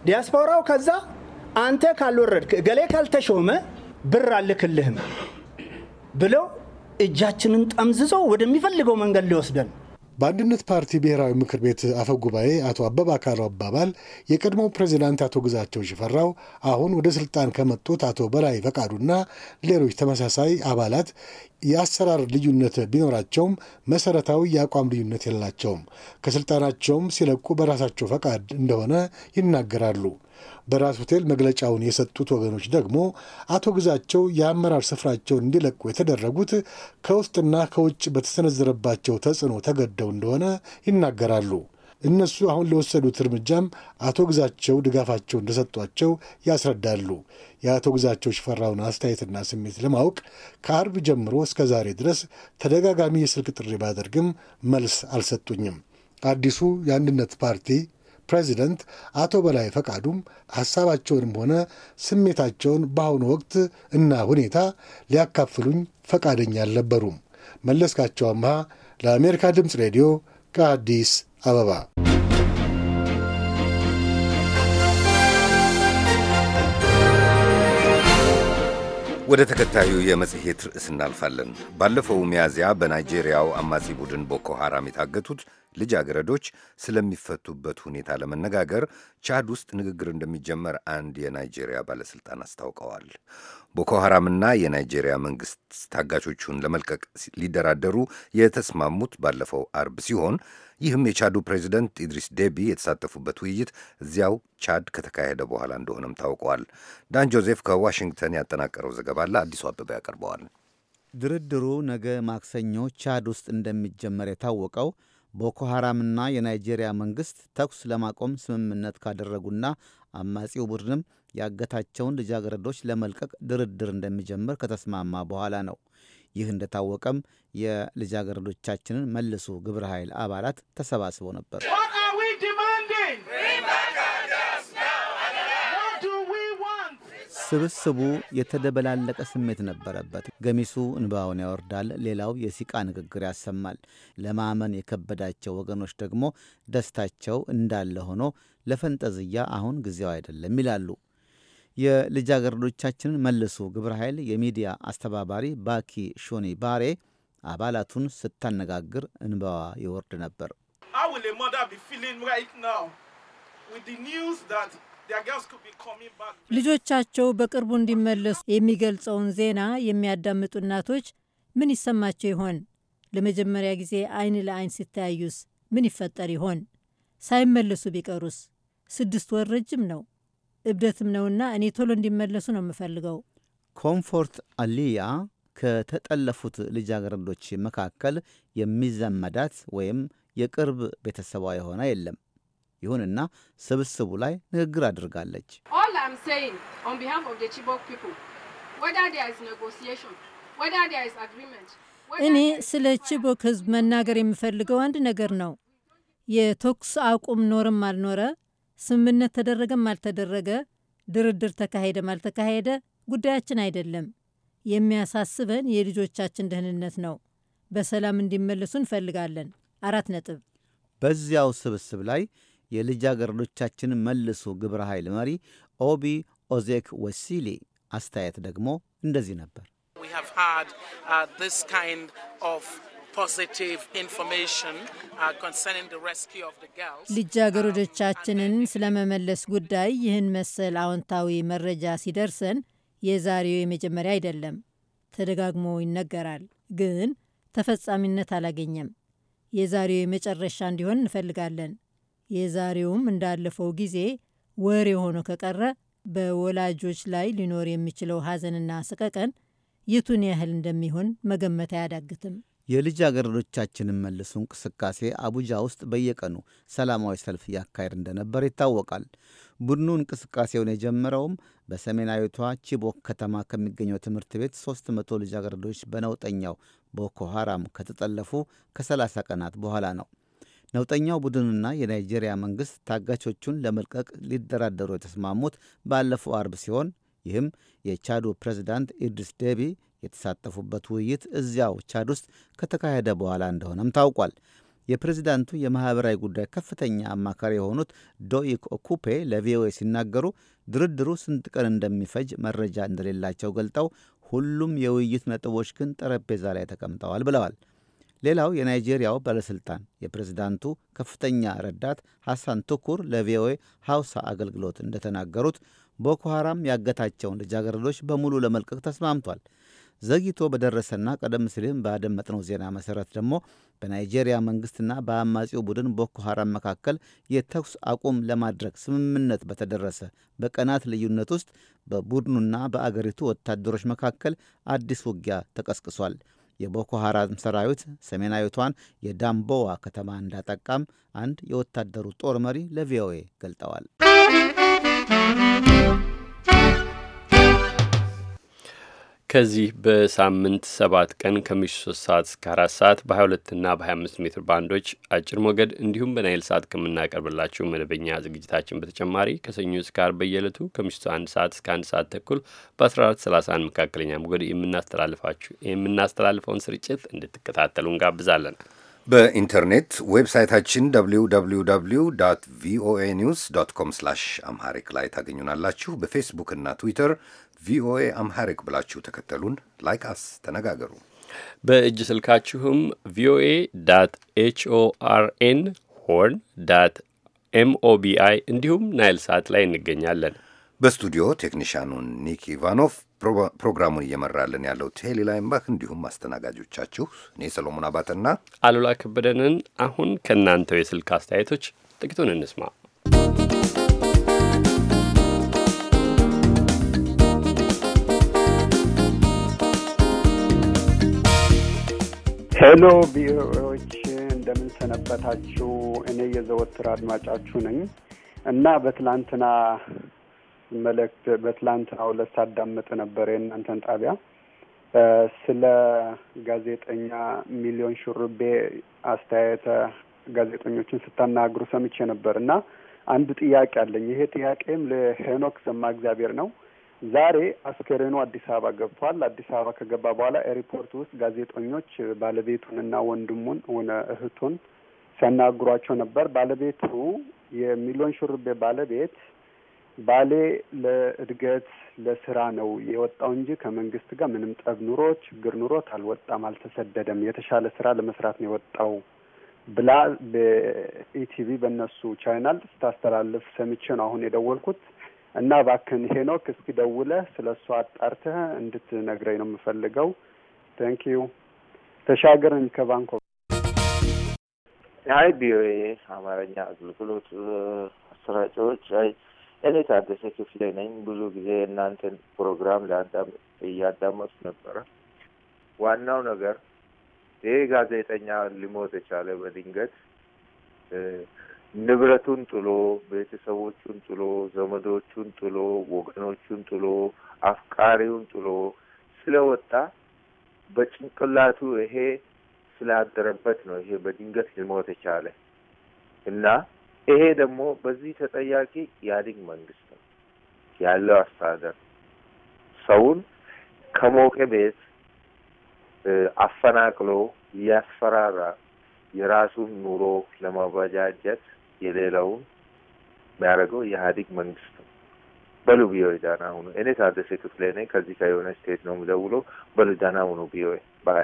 ዲያስፖራው ከዛ አንተ ካልወረድክ እገሌ ካልተሾመ ብር አልክልህም ብለው እጃችንን ጠምዝዞ ወደሚፈልገው መንገድ ሊወስደን በአንድነት ፓርቲ ብሔራዊ ምክር ቤት አፈ ጉባኤ አቶ አበባ አካለው አባባል የቀድሞው ፕሬዚዳንት አቶ ግዛቸው ሽፈራው አሁን ወደ ስልጣን ከመጡት አቶ በላይ ፈቃዱና ሌሎች ተመሳሳይ አባላት የአሰራር ልዩነት ቢኖራቸውም መሰረታዊ የአቋም ልዩነት የላቸውም። ከስልጣናቸውም ሲለቁ በራሳቸው ፈቃድ እንደሆነ ይናገራሉ። በራስ ሆቴል መግለጫውን የሰጡት ወገኖች ደግሞ አቶ ግዛቸው የአመራር ስፍራቸውን እንዲለቁ የተደረጉት ከውስጥና ከውጭ በተሰነዘረባቸው ተጽዕኖ ተገደው እንደሆነ ይናገራሉ። እነሱ አሁን ለወሰዱት እርምጃም አቶ ግዛቸው ድጋፋቸው እንደሰጧቸው ያስረዳሉ። የአቶ ግዛቸው ሽፈራውን አስተያየትና ስሜት ለማወቅ ከአርብ ጀምሮ እስከ ዛሬ ድረስ ተደጋጋሚ የስልክ ጥሪ ባደርግም መልስ አልሰጡኝም። አዲሱ የአንድነት ፓርቲ ፕሬዚደንት አቶ በላይ ፈቃዱም ሀሳባቸውንም ሆነ ስሜታቸውን በአሁኑ ወቅት እና ሁኔታ ሊያካፍሉኝ ፈቃደኛ አልነበሩም። መለስካቸው አምሃ ለአሜሪካ ድምፅ ሬዲዮ ከአዲስ አበባ ወደ ተከታዩ የመጽሔት ርዕስ እናልፋለን። ባለፈው ሚያዝያ በናይጄሪያው አማጺ ቡድን ቦኮ ሐራም የታገቱት ልጃገረዶች ስለሚፈቱበት ሁኔታ ለመነጋገር ቻድ ውስጥ ንግግር እንደሚጀመር አንድ የናይጄሪያ ባለሥልጣን አስታውቀዋል። ቦኮ ሐራምና የናይጄሪያ መንግሥት ታጋቾቹን ለመልቀቅ ሊደራደሩ የተስማሙት ባለፈው አርብ ሲሆን ይህም የቻዱ ፕሬዚደንት ኢድሪስ ዴቢ የተሳተፉበት ውይይት እዚያው ቻድ ከተካሄደ በኋላ እንደሆነም ታውቋል። ዳን ጆዜፍ ከዋሽንግተን ያጠናቀረው ዘገባ አለ አዲሱ አበበ ያቀርበዋል። ድርድሩ ነገ ማክሰኞ ቻድ ውስጥ እንደሚጀመር የታወቀው ቦኮ ሐራምና የናይጄሪያ መንግሥት ተኩስ ለማቆም ስምምነት ካደረጉና አማጺው ቡድንም ያገታቸውን ልጃገረዶች ለመልቀቅ ድርድር እንደሚጀምር ከተስማማ በኋላ ነው። ይህ እንደታወቀም የልጃገረዶቻችንን መልሱ ግብረ ኃይል አባላት ተሰባስበው ነበር። ስብስቡ የተደበላለቀ ስሜት ነበረበት። ገሚሱ እንባውን ያወርዳል፣ ሌላው የሲቃ ንግግር ያሰማል። ለማመን የከበዳቸው ወገኖች ደግሞ ደስታቸው እንዳለ ሆኖ ለፈንጠዝያ አሁን ጊዜው አይደለም ይላሉ። የልጃገረዶቻችንን መልሱ ግብረ ኃይል የሚዲያ አስተባባሪ ባኪ ሾኒ ባሬ አባላቱን ስታነጋግር እንባዋ ይወርድ ነበር። ልጆቻቸው በቅርቡ እንዲመለሱ የሚገልጸውን ዜና የሚያዳምጡ እናቶች ምን ይሰማቸው ይሆን? ለመጀመሪያ ጊዜ አይን ለአይን ሲተያዩስ ምን ይፈጠር ይሆን? ሳይመለሱ ቢቀሩስ? ስድስት ወር ረጅም ነው፣ እብደትም ነውና እኔ ቶሎ እንዲመለሱ ነው የምፈልገው። ኮምፎርት አሊያ ከተጠለፉት ልጃገረዶች መካከል የሚዘመዳት ወይም የቅርብ ቤተሰቧ የሆነ የለም። ይሁንና ስብስቡ ላይ ንግግር አድርጋለች። እኔ ስለ ቺቦክ ህዝብ መናገር የምፈልገው አንድ ነገር ነው። የተኩስ አቁም ኖርም አልኖረ፣ ስምምነት ተደረገም አልተደረገ፣ ድርድር ተካሄደም አልተካሄደ ጉዳያችን አይደለም። የሚያሳስበን የልጆቻችን ደህንነት ነው። በሰላም እንዲመለሱ እንፈልጋለን። አራት ነጥብ። በዚያው ስብስብ ላይ የልጃገረዶቻችን መልሶ ግብረ ኃይል መሪ ኦቢ ኦዜክ ወሲሊ አስተያየት ደግሞ እንደዚህ ነበር። uh, uh, ልጃገረዶቻችንን ስለመመለስ ጉዳይ ይህን መሰል አዎንታዊ መረጃ ሲደርሰን የዛሬው የመጀመሪያ አይደለም። ተደጋግሞ ይነገራል፣ ግን ተፈጻሚነት አላገኘም። የዛሬው የመጨረሻ እንዲሆን እንፈልጋለን። የዛሬውም እንዳለፈው ጊዜ ወሬ ሆኖ ከቀረ በወላጆች ላይ ሊኖር የሚችለው ሐዘንና ስቀቀን የቱን ያህል እንደሚሆን መገመት አያዳግትም። የልጃገረዶቻችንን መልሱ እንቅስቃሴ አቡጃ ውስጥ በየቀኑ ሰላማዊ ሰልፍ ያካሄድ እንደነበር ይታወቃል። ቡድኑ እንቅስቃሴውን የጀመረውም በሰሜናዊቷ ቺቦክ ከተማ ከሚገኘው ትምህርት ቤት 300 ልጃገረዶች በነውጠኛው ቦኮ ከተጠለፉ ከ30 ቀናት በኋላ ነው። ነውጠኛው ቡድንና የናይጄሪያ መንግሥት ታጋቾቹን ለመልቀቅ ሊደራደሩ የተስማሙት ባለፈው አርብ ሲሆን ይህም የቻዱ ፕሬዚዳንት ኢድሪስ ዴቢ የተሳተፉበት ውይይት እዚያው ቻድ ውስጥ ከተካሄደ በኋላ እንደሆነም ታውቋል። የፕሬዚዳንቱ የማኅበራዊ ጉዳይ ከፍተኛ አማካሪ የሆኑት ዶኢክ ኦኩፔ ለቪኦኤ ሲናገሩ ድርድሩ ስንት ቀን እንደሚፈጅ መረጃ እንደሌላቸው ገልጠው ሁሉም የውይይት ነጥቦች ግን ጠረጴዛ ላይ ተቀምጠዋል ብለዋል። ሌላው የናይጄሪያው ባለሥልጣን የፕሬዝዳንቱ ከፍተኛ ረዳት ሐሳን ትኩር ለቪኦኤ ሐውሳ አገልግሎት እንደተናገሩት ቦኮ ሐራም ያገታቸውን ልጃገረዶች በሙሉ ለመልቀቅ ተስማምቷል። ዘግይቶ በደረሰና ቀደም ሲልም ባደመጥነው ዜና መሠረት ደግሞ በናይጄሪያ መንግሥትና በአማጺው ቡድን ቦኮ ሐራም መካከል የተኩስ አቁም ለማድረግ ስምምነት በተደረሰ በቀናት ልዩነት ውስጥ በቡድኑና በአገሪቱ ወታደሮች መካከል አዲስ ውጊያ ተቀስቅሷል። የቦኮ ሐራም ሰራዊት ሰሜናዊቷን የዳምቦዋ ከተማ እንዳጠቃም አንድ የወታደሩ ጦር መሪ ለቪኦኤ ገልጠዋል። ከዚህ በሳምንት ሰባት ቀን ከምሽቱ ሶስት ሰዓት እስከ አራት ሰዓት በ22 እና በ ሜትር ባንዶች አጭር ሞገድ እንዲሁም በናይል ሰዓት ከምናቀርብላችሁ መደበኛ ዝግጅታችን በተጨማሪ ከሰኞ እስከ አርብ በየዕለቱ ከምሽቱ አንድ ሰዓት እስከ አንድ ሰዓት ተኩል በ አንድ መካከለኛ ሞገድ የምናስተላልፋችሁ የምናስተላልፈውን ስርጭት እንድትከታተሉ እንጋብዛለን። በኢንተርኔት ዌብሳይታችን www ቪኦኤ ኒውስ ዶት ኮም ስላሽ አምሃሪክ ላይ ታገኙናላችሁ። በፌስቡክ እና ትዊተር ቪኦኤ አምሐሪክ ብላችሁ ተከተሉን። ላይክ አስ ተነጋገሩ። በእጅ ስልካችሁም ቪኦኤ ዳት ኤችኦአርኤን ሆርን ዳት ኤምኦቢአይ እንዲሁም ናይል ሳት ላይ እንገኛለን። በስቱዲዮ ቴክኒሽያኑ ኒክ ኢቫኖቭ፣ ፕሮግራሙን እየመራልን ያለው ቴሌ ላይምባክ፣ እንዲሁም አስተናጋጆቻችሁ እኔ ሰሎሞን አባተና አሉላ ከበደንን። አሁን ከእናንተው የስልክ አስተያየቶች ጥቂቱን እንስማ። ሄሎ ቪኦኤዎች እንደምን ሰነበታችሁ? እኔ የዘወትር አድማጫችሁ ነኝ እና በትላንትና መልእክት በትላንትና ሁለት ሳዳምጥ ነበር የእናንተን ጣቢያ ስለ ጋዜጠኛ ሚሊዮን ሹርቤ አስተያየተ ጋዜጠኞችን ስታናግሩ ሰምቼ ነበር እና አንድ ጥያቄ አለኝ። ይሄ ጥያቄም ለሄኖክ ሰማ እግዚአብሔር ነው። ዛሬ አስከሬኑ አዲስ አበባ ገብቷል። አዲስ አበባ ከገባ በኋላ ኤርፖርት ውስጥ ጋዜጠኞች ባለቤቱንና ወንድሙን ሆነ እህቱን ሲያናግሯቸው ነበር። ባለቤቱ የሚሊዮን ሹርቤ ባለቤት ባሌ ለእድገት ለስራ ነው የወጣው እንጂ ከመንግስት ጋር ምንም ጠብ ኑሮ ችግር ኑሮት አልወጣም፣ አልተሰደደም፣ የተሻለ ስራ ለመስራት ነው የወጣው ብላ በኢቲቪ በእነሱ ቻይናል ስታስተላልፍ ሰምቼ ነው አሁን የደወልኩት። እና እባክህን ሄኖክ እስኪ ደውለህ ስለ እሷ አጣርተህ እንድትነግረኝ ነው የምፈልገው። ታንክ ዩ። ተሻገርን ነኝ ከባንኮ። አይ ቪኦኤ አማርኛ አገልግሎት አሰራጫዎች፣ አይ እኔ ታደሰ ክፍሌ ነኝ። ብዙ ጊዜ እናንተን ፕሮግራም እያዳመጡ ነበረ። ዋናው ነገር ይህ ጋዜጠኛ ሊሞት የቻለ በድንገት ንብረቱን ጥሎ ቤተሰቦቹን ጥሎ ዘመዶቹን ጥሎ ወገኖቹን ጥሎ አፍቃሪውን ጥሎ ስለወጣ በጭንቅላቱ ይሄ ስላደረበት ነው። ይሄ በድንገት ሊሞት የቻለ እና ይሄ ደግሞ በዚህ ተጠያቂ ኢህአዴግ መንግስት ነው ያለው አስተዳደር ሰውን ከሞቀ ቤት አፈናቅሎ ያስፈራራ የራሱን ኑሮ ለማበጃጀት የሌላው የሚያደርገው የኢህአዴግ መንግስት ነው። በሉ ቢዮይ ዳና ሁኑ። እኔ ታደሰ ክፍሌ ነኝ። ከዚህ ከዩናይት ስቴትስ ነው የምደውለው። በሉ ዳና ሁኑ ቢዮይ ባይ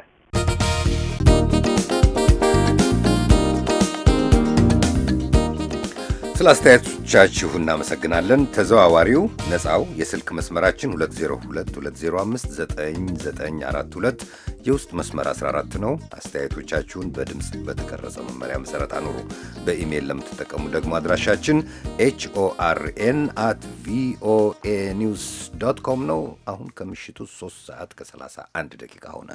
ስለ አስተያየቶቻችሁ እናመሰግናለን። ተዘዋዋሪው ነፃው የስልክ መስመራችን 2022059942 የውስጥ መስመር 14 ነው። አስተያየቶቻችሁን በድምፅ በተቀረጸ መመሪያ መሰረት አኑሩ። በኢሜይል ለምትጠቀሙ ደግሞ አድራሻችን ኤችኦአርኤን አት ቪኦኤ ኒውስ ዶት ኮም ነው። አሁን ከምሽቱ 3 ሰዓት ከ31 ደቂቃ ሆነ።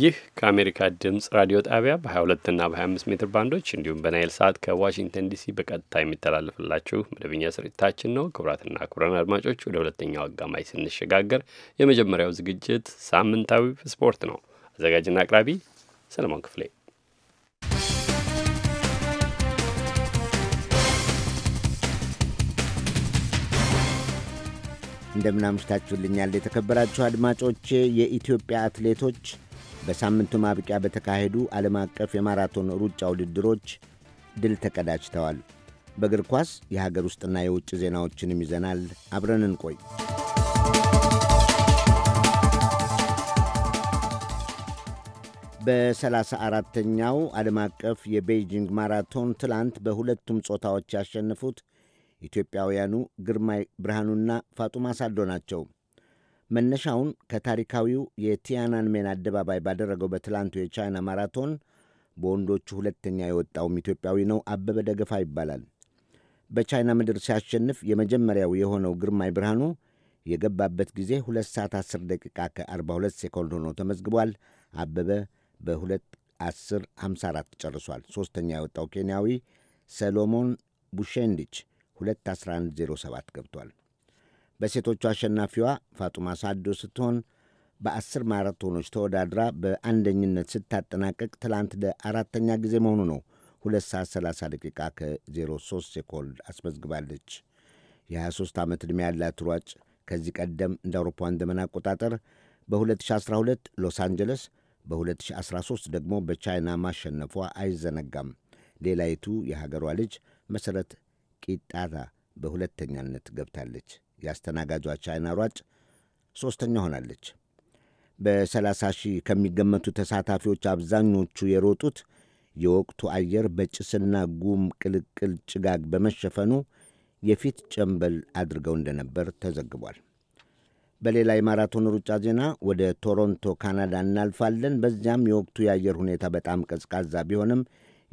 ይህ ከአሜሪካ ድምፅ ራዲዮ ጣቢያ በ22 እና በ25 ሜትር ባንዶች እንዲሁም በናይል ሰዓት ከዋሽንግተን ዲሲ በቀጥታ የሚተላለፍላችሁ መደበኛ ስርጭታችን ነው። ክቡራትና ክቡራን አድማጮች ወደ ሁለተኛው አጋማሽ ስንሸጋገር የመጀመሪያው ዝግጅት ሳምንታዊ ስፖርት ነው። አዘጋጅና አቅራቢ ሰለሞን ክፍሌ እንደምናምሽታችሁልኛል የተከበራችሁ አድማጮቼ። የኢትዮጵያ አትሌቶች በሳምንቱ ማብቂያ በተካሄዱ ዓለም አቀፍ የማራቶን ሩጫ ውድድሮች ድል ተቀዳጅተዋል። በእግር ኳስ የሀገር ውስጥና የውጭ ዜናዎችንም ይዘናል። አብረን እንቆይ። በሰላሳ አራተኛው ዓለም አቀፍ የቤይጂንግ ማራቶን ትላንት በሁለቱም ጾታዎች ያሸነፉት ኢትዮጵያውያኑ ግርማይ ብርሃኑና ፋጡማ ሳዶ ናቸው። መነሻውን ከታሪካዊው የቲያናንሜን አደባባይ ባደረገው በትላንቱ የቻይና ማራቶን በወንዶቹ ሁለተኛ የወጣውም ኢትዮጵያዊ ነው። አበበ ደገፋ ይባላል። በቻይና ምድር ሲያሸንፍ የመጀመሪያው የሆነው ግርማይ ብርሃኑ የገባበት ጊዜ 2 ሰዓት 10 ደቂቃ ከ42 ሴኮንድ ሆኖ ተመዝግቧል። አበበ በ2 10 54 ጨርሷል። ሦስተኛ የወጣው ኬንያዊ ሰሎሞን ቡሼንዲች 2 11 07 ገብቷል። በሴቶቹ አሸናፊዋ ፋጡማ ሳዶ ስትሆን በአስር ማራቶኖች ተወዳድራ በአንደኝነት ስታጠናቀቅ ትላንት ለአራተኛ ጊዜ መሆኑ ነው። 2 ሰዓት 30 ደቂቃ ከ03 ሴኮንድ አስመዝግባለች። የ23 ዓመት ዕድሜ ያላት ሯጭ ከዚህ ቀደም እንደ አውሮፓውያን ዘመን አቆጣጠር በ2012 ሎስ አንጀለስ፣ በ2013 ደግሞ በቻይና ማሸነፏ አይዘነጋም። ሌላይቱ የሀገሯ ልጅ መሠረት ቂጣታ በሁለተኛነት ገብታለች። ያስተናጋጇ ቻይና ሯጭ ሦስተኛ ሆናለች። በ30 ሺህ ከሚገመቱ ተሳታፊዎች አብዛኞቹ የሮጡት የወቅቱ አየር በጭስና ጉም ቅልቅል ጭጋግ በመሸፈኑ የፊት ጨንበል አድርገው እንደነበር ተዘግቧል። በሌላ የማራቶን ሩጫ ዜና ወደ ቶሮንቶ ካናዳ እናልፋለን። በዚያም የወቅቱ የአየር ሁኔታ በጣም ቀዝቃዛ ቢሆንም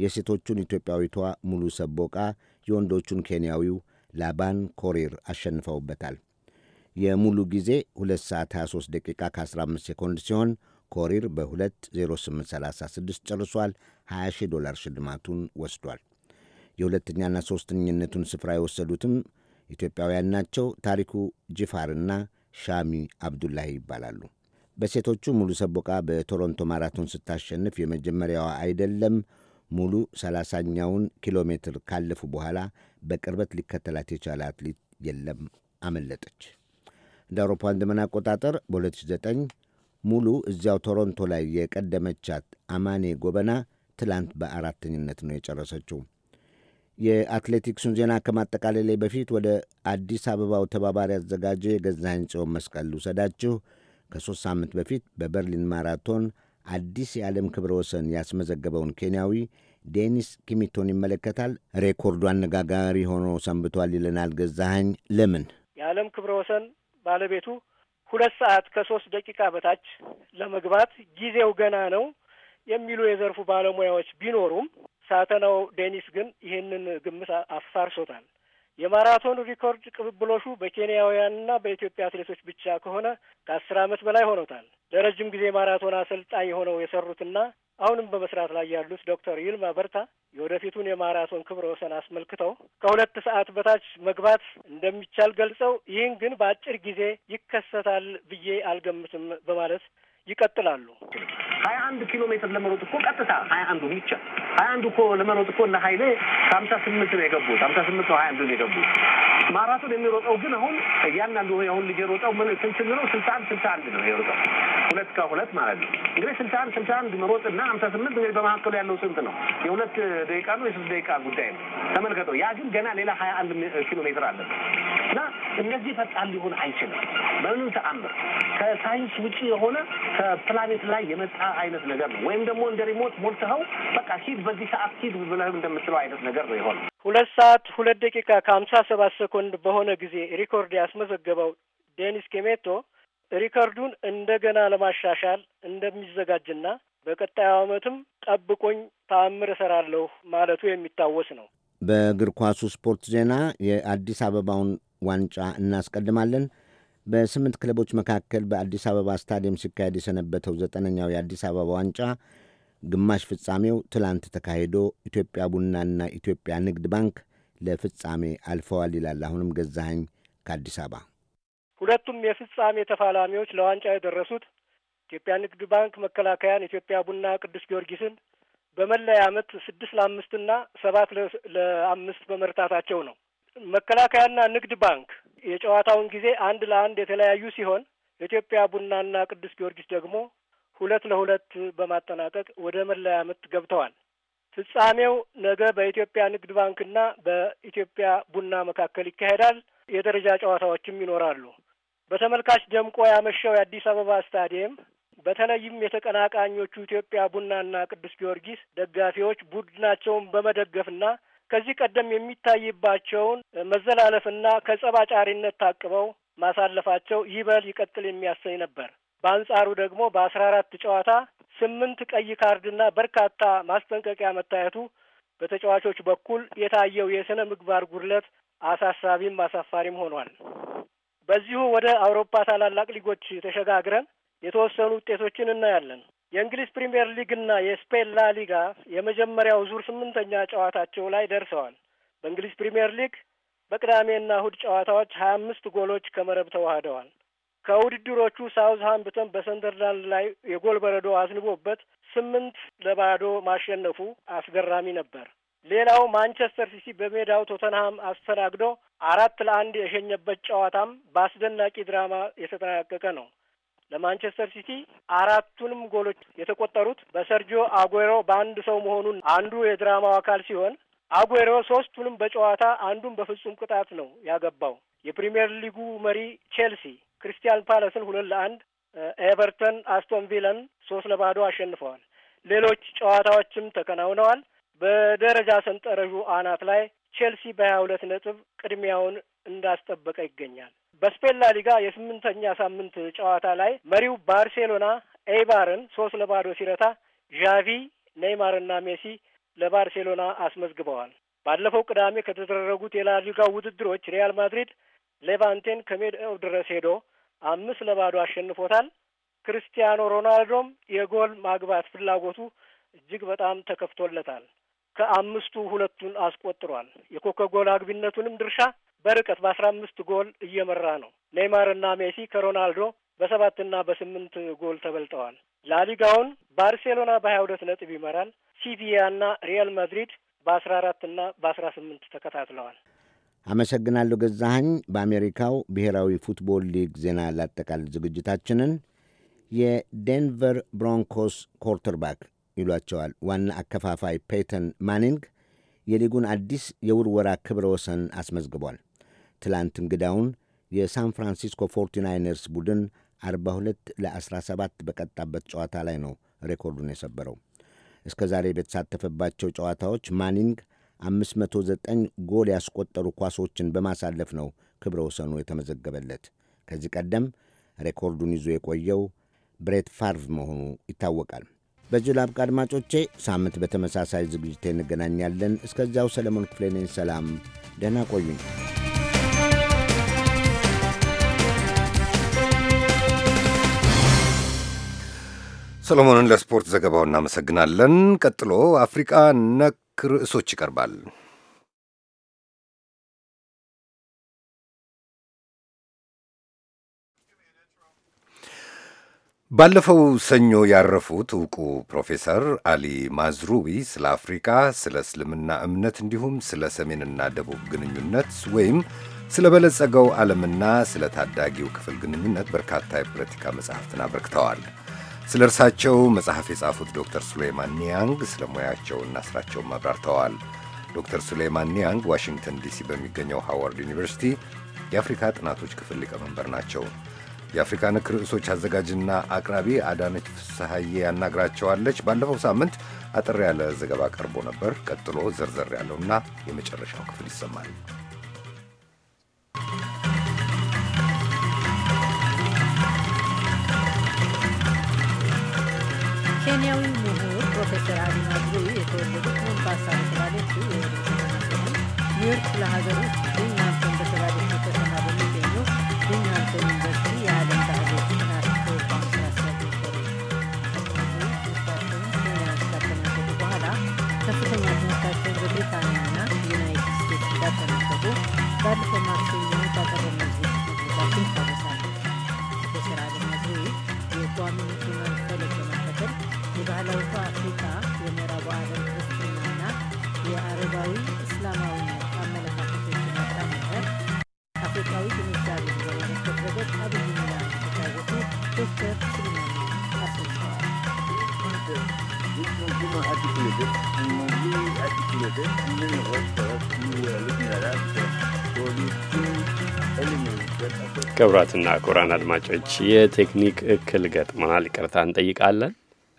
የሴቶቹን ኢትዮጵያዊቷ ሙሉ ሰቦቃ፣ የወንዶቹን ኬንያዊው ላባን ኮሪር አሸንፈውበታል። የሙሉ ጊዜ 2 ሰዓት 23 ደቂቃ ከ15 ሴኮንድ ሲሆን ኮሪር በ20836 ጨርሷል። 20 20ሺ ዶላር ሽልማቱን ወስዷል። የሁለተኛና ሦስተኝነቱን ስፍራ የወሰዱትም ኢትዮጵያውያን ናቸው። ታሪኩ ጅፋርና ሻሚ አብዱላሂ ይባላሉ። በሴቶቹ ሙሉ ሰቦቃ በቶሮንቶ ማራቶን ስታሸንፍ የመጀመሪያዋ አይደለም። ሙሉ 30ኛውን ኪሎ ሜትር ካለፉ በኋላ በቅርበት ሊከተላት የቻለ አትሌት የለም፣ አመለጠች። እንደ አውሮፓን ዘመን አቆጣጠር በ2009 ሙሉ እዚያው ቶሮንቶ ላይ የቀደመቻት አማኔ ጎበና ትላንት በአራተኝነት ነው የጨረሰችው። የአትሌቲክሱን ዜና ላይ በፊት ወደ አዲስ አበባው ተባባሪ አዘጋጀ የገዛኸኝ ጽዮን መስቀል ልውሰዳችሁ። ከሦስት ሳምንት በፊት በበርሊን ማራቶን አዲስ የዓለም ክብረ ወሰን ያስመዘገበውን ኬንያዊ ዴኒስ ኪሚቶን ይመለከታል። ሬኮርዱ አነጋጋሪ ሆኖ ሰንብቷል ይለናል ገዛኸኝ። ለምን የዓለም ክብረ ወሰን ባለቤቱ ሁለት ሰዓት ከሶስት ደቂቃ በታች ለመግባት ጊዜው ገና ነው የሚሉ የዘርፉ ባለሙያዎች ቢኖሩም ሳተናው ዴኒስ ግን ይህንን ግምት አፋርሶታል። የማራቶን ሪኮርድ ቅብብሎሹ በኬንያውያንና በኢትዮጵያ አትሌቶች ብቻ ከሆነ ከአስር ዓመት በላይ ሆኖታል። ለረጅም ጊዜ ማራቶን አሰልጣኝ ሆነው የሰሩትና አሁንም በመስራት ላይ ያሉት ዶክተር ይልማ በርታ የወደፊቱን የማራቶን ክብረ ወሰን አስመልክተው ከሁለት ሰዓት በታች መግባት እንደሚቻል ገልጸው ይህን ግን በአጭር ጊዜ ይከሰታል ብዬ አልገምትም በማለት ይቀጥላሉ። ሀያ አንድ ኪሎ ሜትር ለመሮጥ እኮ ቀጥታ ሀያ አንዱ ብቻ ሀያ አንዱ እኮ ለመሮጥ እኮ እነ ሀይሌ ከሀምሳ ስምንት ነው የገቡት፣ ሀምሳ ስምንት ነው ሀያ አንዱ ነው የገቡት። ማራቶን የሚሮጠው ግን አሁን እያንዳንዱ አሁን ልጅ የሮጠው ምን ስንችል ነው? ስልሳ አንድ ስልሳ አንድ ነው የሮጠው ሁለት ከሁለት ማለት ነው። እንግዲህ ስልሳ አንድ ስልሳ አንድ መሮጥ እና ሀምሳ ስምንት እንግዲህ በመካከሉ ያለው ስንት ነው? የሁለት ደቂቃ ነው የሶስት ደቂቃ ጉዳይ ነው። ተመልከተው። ያ ግን ገና ሌላ ሀያ አንድ ኪሎ ሜትር አለ እና እነዚህ ፈጣን ሊሆን አይችልም። በምን ተአምር ከሳይንስ ውጪ የሆነ ከፕላኔት ላይ የመጣ አይነት ነገር ነው። ወይም ደግሞ እንደ ሪሞት ሞልተኸው በቃ ሂድ፣ በዚህ ሰዓት ሂድ ብለህም እንደምትለው አይነት ነገር ነው የሆነ ሁለት ሰዓት ሁለት ደቂቃ ከሀምሳ ሰባት ሰኮንድ በሆነ ጊዜ ሪኮርድ ያስመዘገበው ዴኒስ ኬሜቶ ሪከርዱን እንደገና ለማሻሻል እንደሚዘጋጅና በቀጣዩ ዓመትም ጠብቆኝ ተአምር እሰራለሁ ማለቱ የሚታወስ ነው። በእግር ኳሱ ስፖርት ዜና የአዲስ አበባውን ዋንጫ እናስቀድማለን። በስምንት ክለቦች መካከል በአዲስ አበባ ስታዲየም ሲካሄድ የሰነበተው ዘጠነኛው የአዲስ አበባ ዋንጫ ግማሽ ፍጻሜው ትላንት ተካሂዶ ኢትዮጵያ ቡናና ኢትዮጵያ ንግድ ባንክ ለፍጻሜ አልፈዋል ይላል አሁንም ገዛኸኝ ከአዲስ አበባ። ሁለቱም የፍጻሜ ተፋላሚዎች ለዋንጫ የደረሱት ኢትዮጵያ ንግድ ባንክ መከላከያን፣ ኢትዮጵያ ቡና ቅዱስ ጊዮርጊስን በመለያ ዓመት ስድስት ለአምስትና ሰባት ለአምስት በመርታታቸው ነው። መከላከያና ንግድ ባንክ የጨዋታውን ጊዜ አንድ ለአንድ የተለያዩ ሲሆን የኢትዮጵያ ቡናና ቅዱስ ጊዮርጊስ ደግሞ ሁለት ለሁለት በማጠናቀቅ ወደ መለያ ምት ገብተዋል። ፍጻሜው ነገ በኢትዮጵያ ንግድ ባንክና በኢትዮጵያ ቡና መካከል ይካሄዳል። የደረጃ ጨዋታዎችም ይኖራሉ። በተመልካች ደምቆ ያመሸው የአዲስ አበባ ስታዲየም በተለይም የተቀናቃኞቹ ኢትዮጵያ ቡናና ቅዱስ ጊዮርጊስ ደጋፊዎች ቡድናቸውን በመደገፍና ከዚህ ቀደም የሚታይባቸውን መዘላለፍና ከጸባጫሪነት ታቅበው ማሳለፋቸው ይበል ይቀጥል የሚያሰኝ ነበር። በአንጻሩ ደግሞ በአስራ አራት ጨዋታ ስምንት ቀይ ካርድና በርካታ ማስጠንቀቂያ መታየቱ በተጫዋቾች በኩል የታየው የሥነ ምግባር ጉድለት አሳሳቢም አሳፋሪም ሆኗል። በዚሁ ወደ አውሮፓ ታላላቅ ሊጎች ተሸጋግረን የተወሰኑ ውጤቶችን እናያለን። የእንግሊዝ ፕሪምየር ሊግና የስፔን ላ ሊጋ የመጀመሪያው ዙር ስምንተኛ ጨዋታቸው ላይ ደርሰዋል። በእንግሊዝ ፕሪምየር ሊግ በቅዳሜና እሁድ ጨዋታዎች ሀያ አምስት ጎሎች ከመረብ ተዋህደዋል። ከውድድሮቹ ሳውዝሃምፕተን በሰንደርላንድ ላይ የጎል በረዶ አዝንቦበት ስምንት ለባዶ ማሸነፉ አስገራሚ ነበር። ሌላው ማንቸስተር ሲቲ በሜዳው ቶተንሃም አስተናግዶ አራት ለአንድ የሸኘበት ጨዋታም በአስደናቂ ድራማ የተጠናቀቀ ነው። ለማንቸስተር ሲቲ አራቱንም ጎሎች የተቆጠሩት በሰርጆ አጉሮ በአንድ ሰው መሆኑን አንዱ የድራማው አካል ሲሆን አጉሮ ሶስቱንም በጨዋታ አንዱን በፍጹም ቅጣት ነው ያገባው። የፕሪምየር ሊጉ መሪ ቼልሲ ክሪስቲያን ፓለስን ሁለት ለአንድ፣ ኤቨርተን አስቶን ቪለን ሶስት ለባዶ አሸንፈዋል። ሌሎች ጨዋታዎችም ተከናውነዋል። በደረጃ ሰንጠረዡ አናት ላይ ቼልሲ በሀያ ሁለት ነጥብ ቅድሚያውን እንዳስጠበቀ ይገኛል። በስፔን ላሊጋ የስምንተኛ ሳምንት ጨዋታ ላይ መሪው ባርሴሎና ኤይባርን ሶስት ለባዶ ሲረታ ዣቪ፣ ኔይማርና ሜሲ ለባርሴሎና አስመዝግበዋል። ባለፈው ቅዳሜ ከተደረጉት የላሊጋው ውድድሮች ሪያል ማድሪድ ሌቫንቴን ከሜዳው ድረስ ሄዶ አምስት ለባዶ አሸንፎታል። ክርስቲያኖ ሮናልዶም የጎል ማግባት ፍላጎቱ እጅግ በጣም ተከፍቶለታል። ከአምስቱ ሁለቱን አስቆጥሯል። የኮከብ ጎል አግቢነቱንም ድርሻ በርቀት በአስራ አምስት ጎል እየመራ ነው። ኔይማርና ሜሲ ከሮናልዶ በሰባትና በስምንት ጎል ተበልጠዋል። ላሊጋውን ባርሴሎና በሀያ ሁለት ነጥብ ይመራል። ሲቪያና ሪያል ማድሪድ በአስራ አራትና በአስራ ስምንት ተከታትለዋል። አመሰግናለሁ ገዛሀኝ። በአሜሪካው ብሔራዊ ፉትቦል ሊግ ዜና ላጠቃል ዝግጅታችንን። የዴንቨር ብሮንኮስ ኮርተርባክ ይሏቸዋል ዋና አከፋፋይ ፔተን ማኒንግ የሊጉን አዲስ የውርወራ ክብረ ወሰን አስመዝግቧል። ትላንት እንግዳውን የሳን ፍራንሲስኮ ፎርቲናይነርስ ቡድን 42 ለ17 በቀጣበት ጨዋታ ላይ ነው ሬኮርዱን የሰበረው። እስከ ዛሬ በተሳተፈባቸው ጨዋታዎች ማኒንግ 509 ጎል ያስቆጠሩ ኳሶችን በማሳለፍ ነው ክብረ ወሰኑ የተመዘገበለት። ከዚህ ቀደም ሬኮርዱን ይዞ የቆየው ብሬት ፋርቭ መሆኑ ይታወቃል። በዚሁ ላብቃ አድማጮቼ። ሳምንት በተመሳሳይ ዝግጅት እንገናኛለን። እስከዚያው ሰለሞን ክፍሌ ነኝ። ሰላም፣ ደህና ቆዩኝ። ሰሎሞንን ለስፖርት ዘገባው እናመሰግናለን። ቀጥሎ አፍሪቃ ነክ ርዕሶች ይቀርባል። ባለፈው ሰኞ ያረፉት እውቁ ፕሮፌሰር አሊ ማዝሩዊ ስለ አፍሪካ፣ ስለ እስልምና እምነት እንዲሁም ስለ ሰሜንና ደቡብ ግንኙነት ወይም ስለ በለጸገው ዓለምና ስለ ታዳጊው ክፍል ግንኙነት በርካታ የፖለቲካ መጽሐፍትን አበርክተዋል። ስለ እርሳቸው መጽሐፍ የጻፉት ዶክተር ሱሌይማን ኒያንግ ስለ ሙያቸውና ስራቸውን አብራርተዋል። ዶክተር ሱሌይማን ኒያንግ ዋሽንግተን ዲሲ በሚገኘው ሃዋርድ ዩኒቨርሲቲ የአፍሪካ ጥናቶች ክፍል ሊቀመንበር ናቸው። የአፍሪካ ነክ ርዕሶች አዘጋጅና አቅራቢ አዳነች ፍስሐዬ ያናግራቸዋለች። ባለፈው ሳምንት አጠር ያለ ዘገባ ቀርቦ ነበር። ቀጥሎ ዘርዘር ያለውና የመጨረሻው ክፍል ይሰማል። ኬንያዊ ምሁር ፕሮፌሰር አሊማ ድሩዊ የተወለዱት ሞምባሳ በተባለችው የወደብ ከተማ ሲሆን ኒውዮርክ ለሀገር ውስጥ ዲንሃምተን በተባለችው ከተማ በሚገኘው ዲንሃምተን ዩኒቨርሲቲ የዓለም ባህል ጥናት ፕሮግራም ስራ አስኪያጅ ነበሩ። ውስጣቸውን ኬንያ ካጠናቀቁ በኋላ ከፍተኛ ትምህርታቸውን በብሪታንያና ዩናይትድ ስቴትስ እንዳጠናቀቁ ባለፈው ማክሰኞ ክቡራትና ክቡራን አድማጮች የቴክኒክ እክል ገጥመናል፣ ይቅርታ እንጠይቃለን።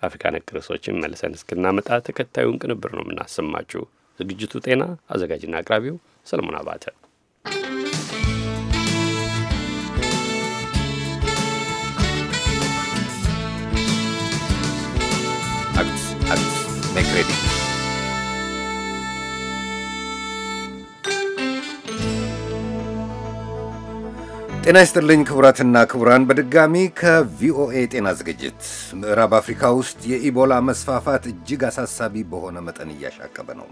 አፍሪካ ነክ ርዕሶችን መልሰን እስክናመጣ ተከታዩን ቅንብር ነው የምናሰማችሁ። ዝግጅቱ ጤና፣ አዘጋጅና አቅራቢው ሰለሞን አባተ። አክስ ጤና ይስጥልኝ ክቡራትና ክቡራን፣ በድጋሚ ከቪኦኤ ጤና ዝግጅት። ምዕራብ አፍሪካ ውስጥ የኢቦላ መስፋፋት እጅግ አሳሳቢ በሆነ መጠን እያሻቀበ ነው።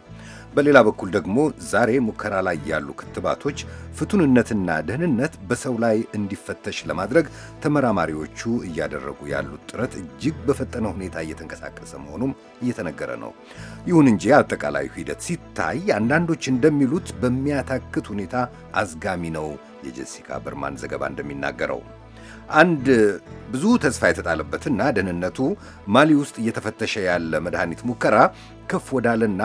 በሌላ በኩል ደግሞ ዛሬ ሙከራ ላይ ያሉ ክትባቶች ፍቱንነትና ደህንነት በሰው ላይ እንዲፈተሽ ለማድረግ ተመራማሪዎቹ እያደረጉ ያሉት ጥረት እጅግ በፈጠነ ሁኔታ እየተንቀሳቀሰ መሆኑም እየተነገረ ነው። ይሁን እንጂ አጠቃላዩ ሂደት ሲታይ አንዳንዶች እንደሚሉት በሚያታክት ሁኔታ አዝጋሚ ነው የጀሲካ በርማን ዘገባ እንደሚናገረው አንድ ብዙ ተስፋ የተጣለበትና ደህንነቱ ማሊ ውስጥ እየተፈተሸ ያለ መድኃኒት ሙከራ ከፍ ወዳለና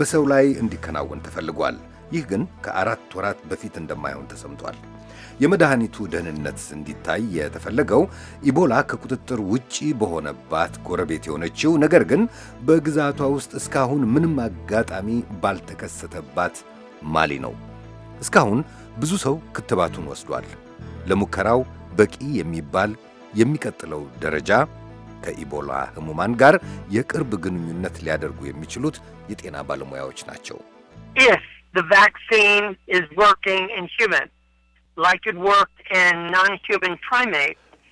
በሰው ላይ እንዲከናወን ተፈልጓል። ይህ ግን ከአራት ወራት በፊት እንደማይሆን ተሰምቷል። የመድኃኒቱ ደህንነት እንዲታይ የተፈለገው ኢቦላ ከቁጥጥር ውጪ በሆነባት ጎረቤት የሆነችው ነገር ግን በግዛቷ ውስጥ እስካሁን ምንም አጋጣሚ ባልተከሰተባት ማሊ ነው። እስካሁን ብዙ ሰው ክትባቱን ወስዷል። ለሙከራው በቂ የሚባል የሚቀጥለው ደረጃ ከኢቦላ ህሙማን ጋር የቅርብ ግንኙነት ሊያደርጉ የሚችሉት የጤና ባለሙያዎች ናቸው።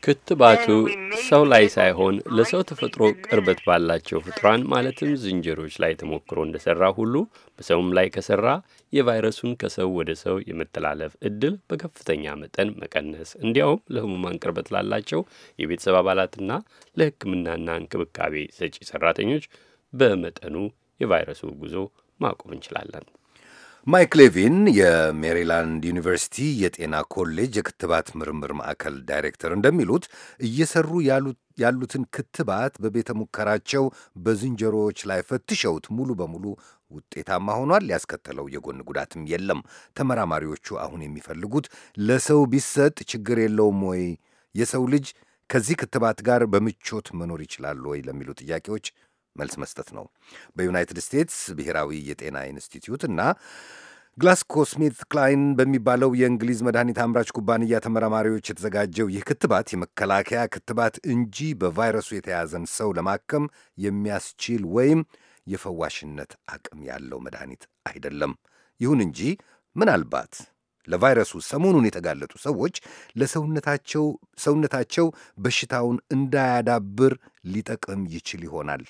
ክትባቱ ሰው ላይ ሳይሆን ለሰው ተፈጥሮ ቅርበት ባላቸው ፍጥሯን ማለትም ዝንጀሮች ላይ ተሞክሮ እንደሰራ ሁሉ በሰውም ላይ ከሰራ የቫይረሱን ከሰው ወደ ሰው የመተላለፍ እድል በከፍተኛ መጠን መቀነስ፣ እንዲያውም ለህሙማን ቅርበት ላላቸው የቤተሰብ አባላትና ለሕክምናና እንክብካቤ ሰጪ ሰራተኞች በመጠኑ የቫይረሱ ጉዞ ማቆም እንችላለን። ማይክ ሌቪን የሜሪላንድ ዩኒቨርሲቲ የጤና ኮሌጅ የክትባት ምርምር ማዕከል ዳይሬክተር እንደሚሉት እየሰሩ ያሉትን ክትባት በቤተ ሙከራቸው በዝንጀሮዎች ላይ ፈትሸውት ሙሉ በሙሉ ውጤታማ ሆኗል። ያስከተለው የጎን ጉዳትም የለም። ተመራማሪዎቹ አሁን የሚፈልጉት ለሰው ቢሰጥ ችግር የለውም ወይ፣ የሰው ልጅ ከዚህ ክትባት ጋር በምቾት መኖር ይችላል ወይ ለሚሉ ጥያቄዎች መልስ መስጠት ነው። በዩናይትድ ስቴትስ ብሔራዊ የጤና ኢንስቲትዩት እና ግላስኮ ስሚት ክላይን በሚባለው የእንግሊዝ መድኃኒት አምራች ኩባንያ ተመራማሪዎች የተዘጋጀው ይህ ክትባት የመከላከያ ክትባት እንጂ በቫይረሱ የተያዘን ሰው ለማከም የሚያስችል ወይም የፈዋሽነት አቅም ያለው መድኃኒት አይደለም። ይሁን እንጂ ምናልባት ለቫይረሱ ሰሞኑን የተጋለጡ ሰዎች ለሰውነታቸው ሰውነታቸው በሽታውን እንዳያዳብር ሊጠቅም ይችል ይሆናል።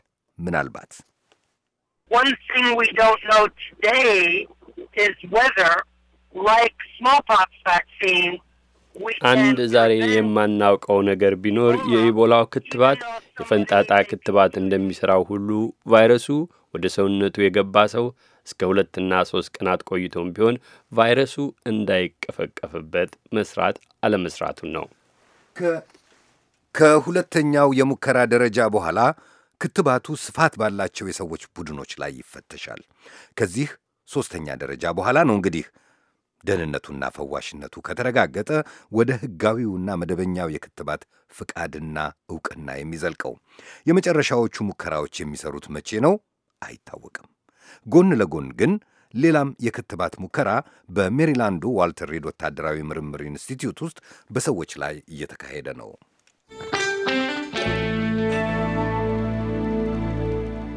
ምናልባት አንድ ዛሬ የማናውቀው ነገር ቢኖር የኢቦላው ክትባት የፈንጣጣ ክትባት እንደሚሠራው ሁሉ ቫይረሱ ወደ ሰውነቱ የገባ ሰው እስከ ሁለትና ሶስት ቀናት ቆይቶም ቢሆን ቫይረሱ እንዳይቀፈቀፍበት መስራት አለመስራቱን ነው። ከሁለተኛው የሙከራ ደረጃ በኋላ ክትባቱ ስፋት ባላቸው የሰዎች ቡድኖች ላይ ይፈተሻል። ከዚህ ሦስተኛ ደረጃ በኋላ ነው እንግዲህ ደህንነቱና ፈዋሽነቱ ከተረጋገጠ ወደ ሕጋዊውና መደበኛው የክትባት ፍቃድና ዕውቅና የሚዘልቀው። የመጨረሻዎቹ ሙከራዎች የሚሰሩት መቼ ነው አይታወቅም። ጎን ለጎን ግን ሌላም የክትባት ሙከራ በሜሪላንዱ ዋልተር ሪድ ወታደራዊ ምርምር ኢንስቲትዩት ውስጥ በሰዎች ላይ እየተካሄደ ነው።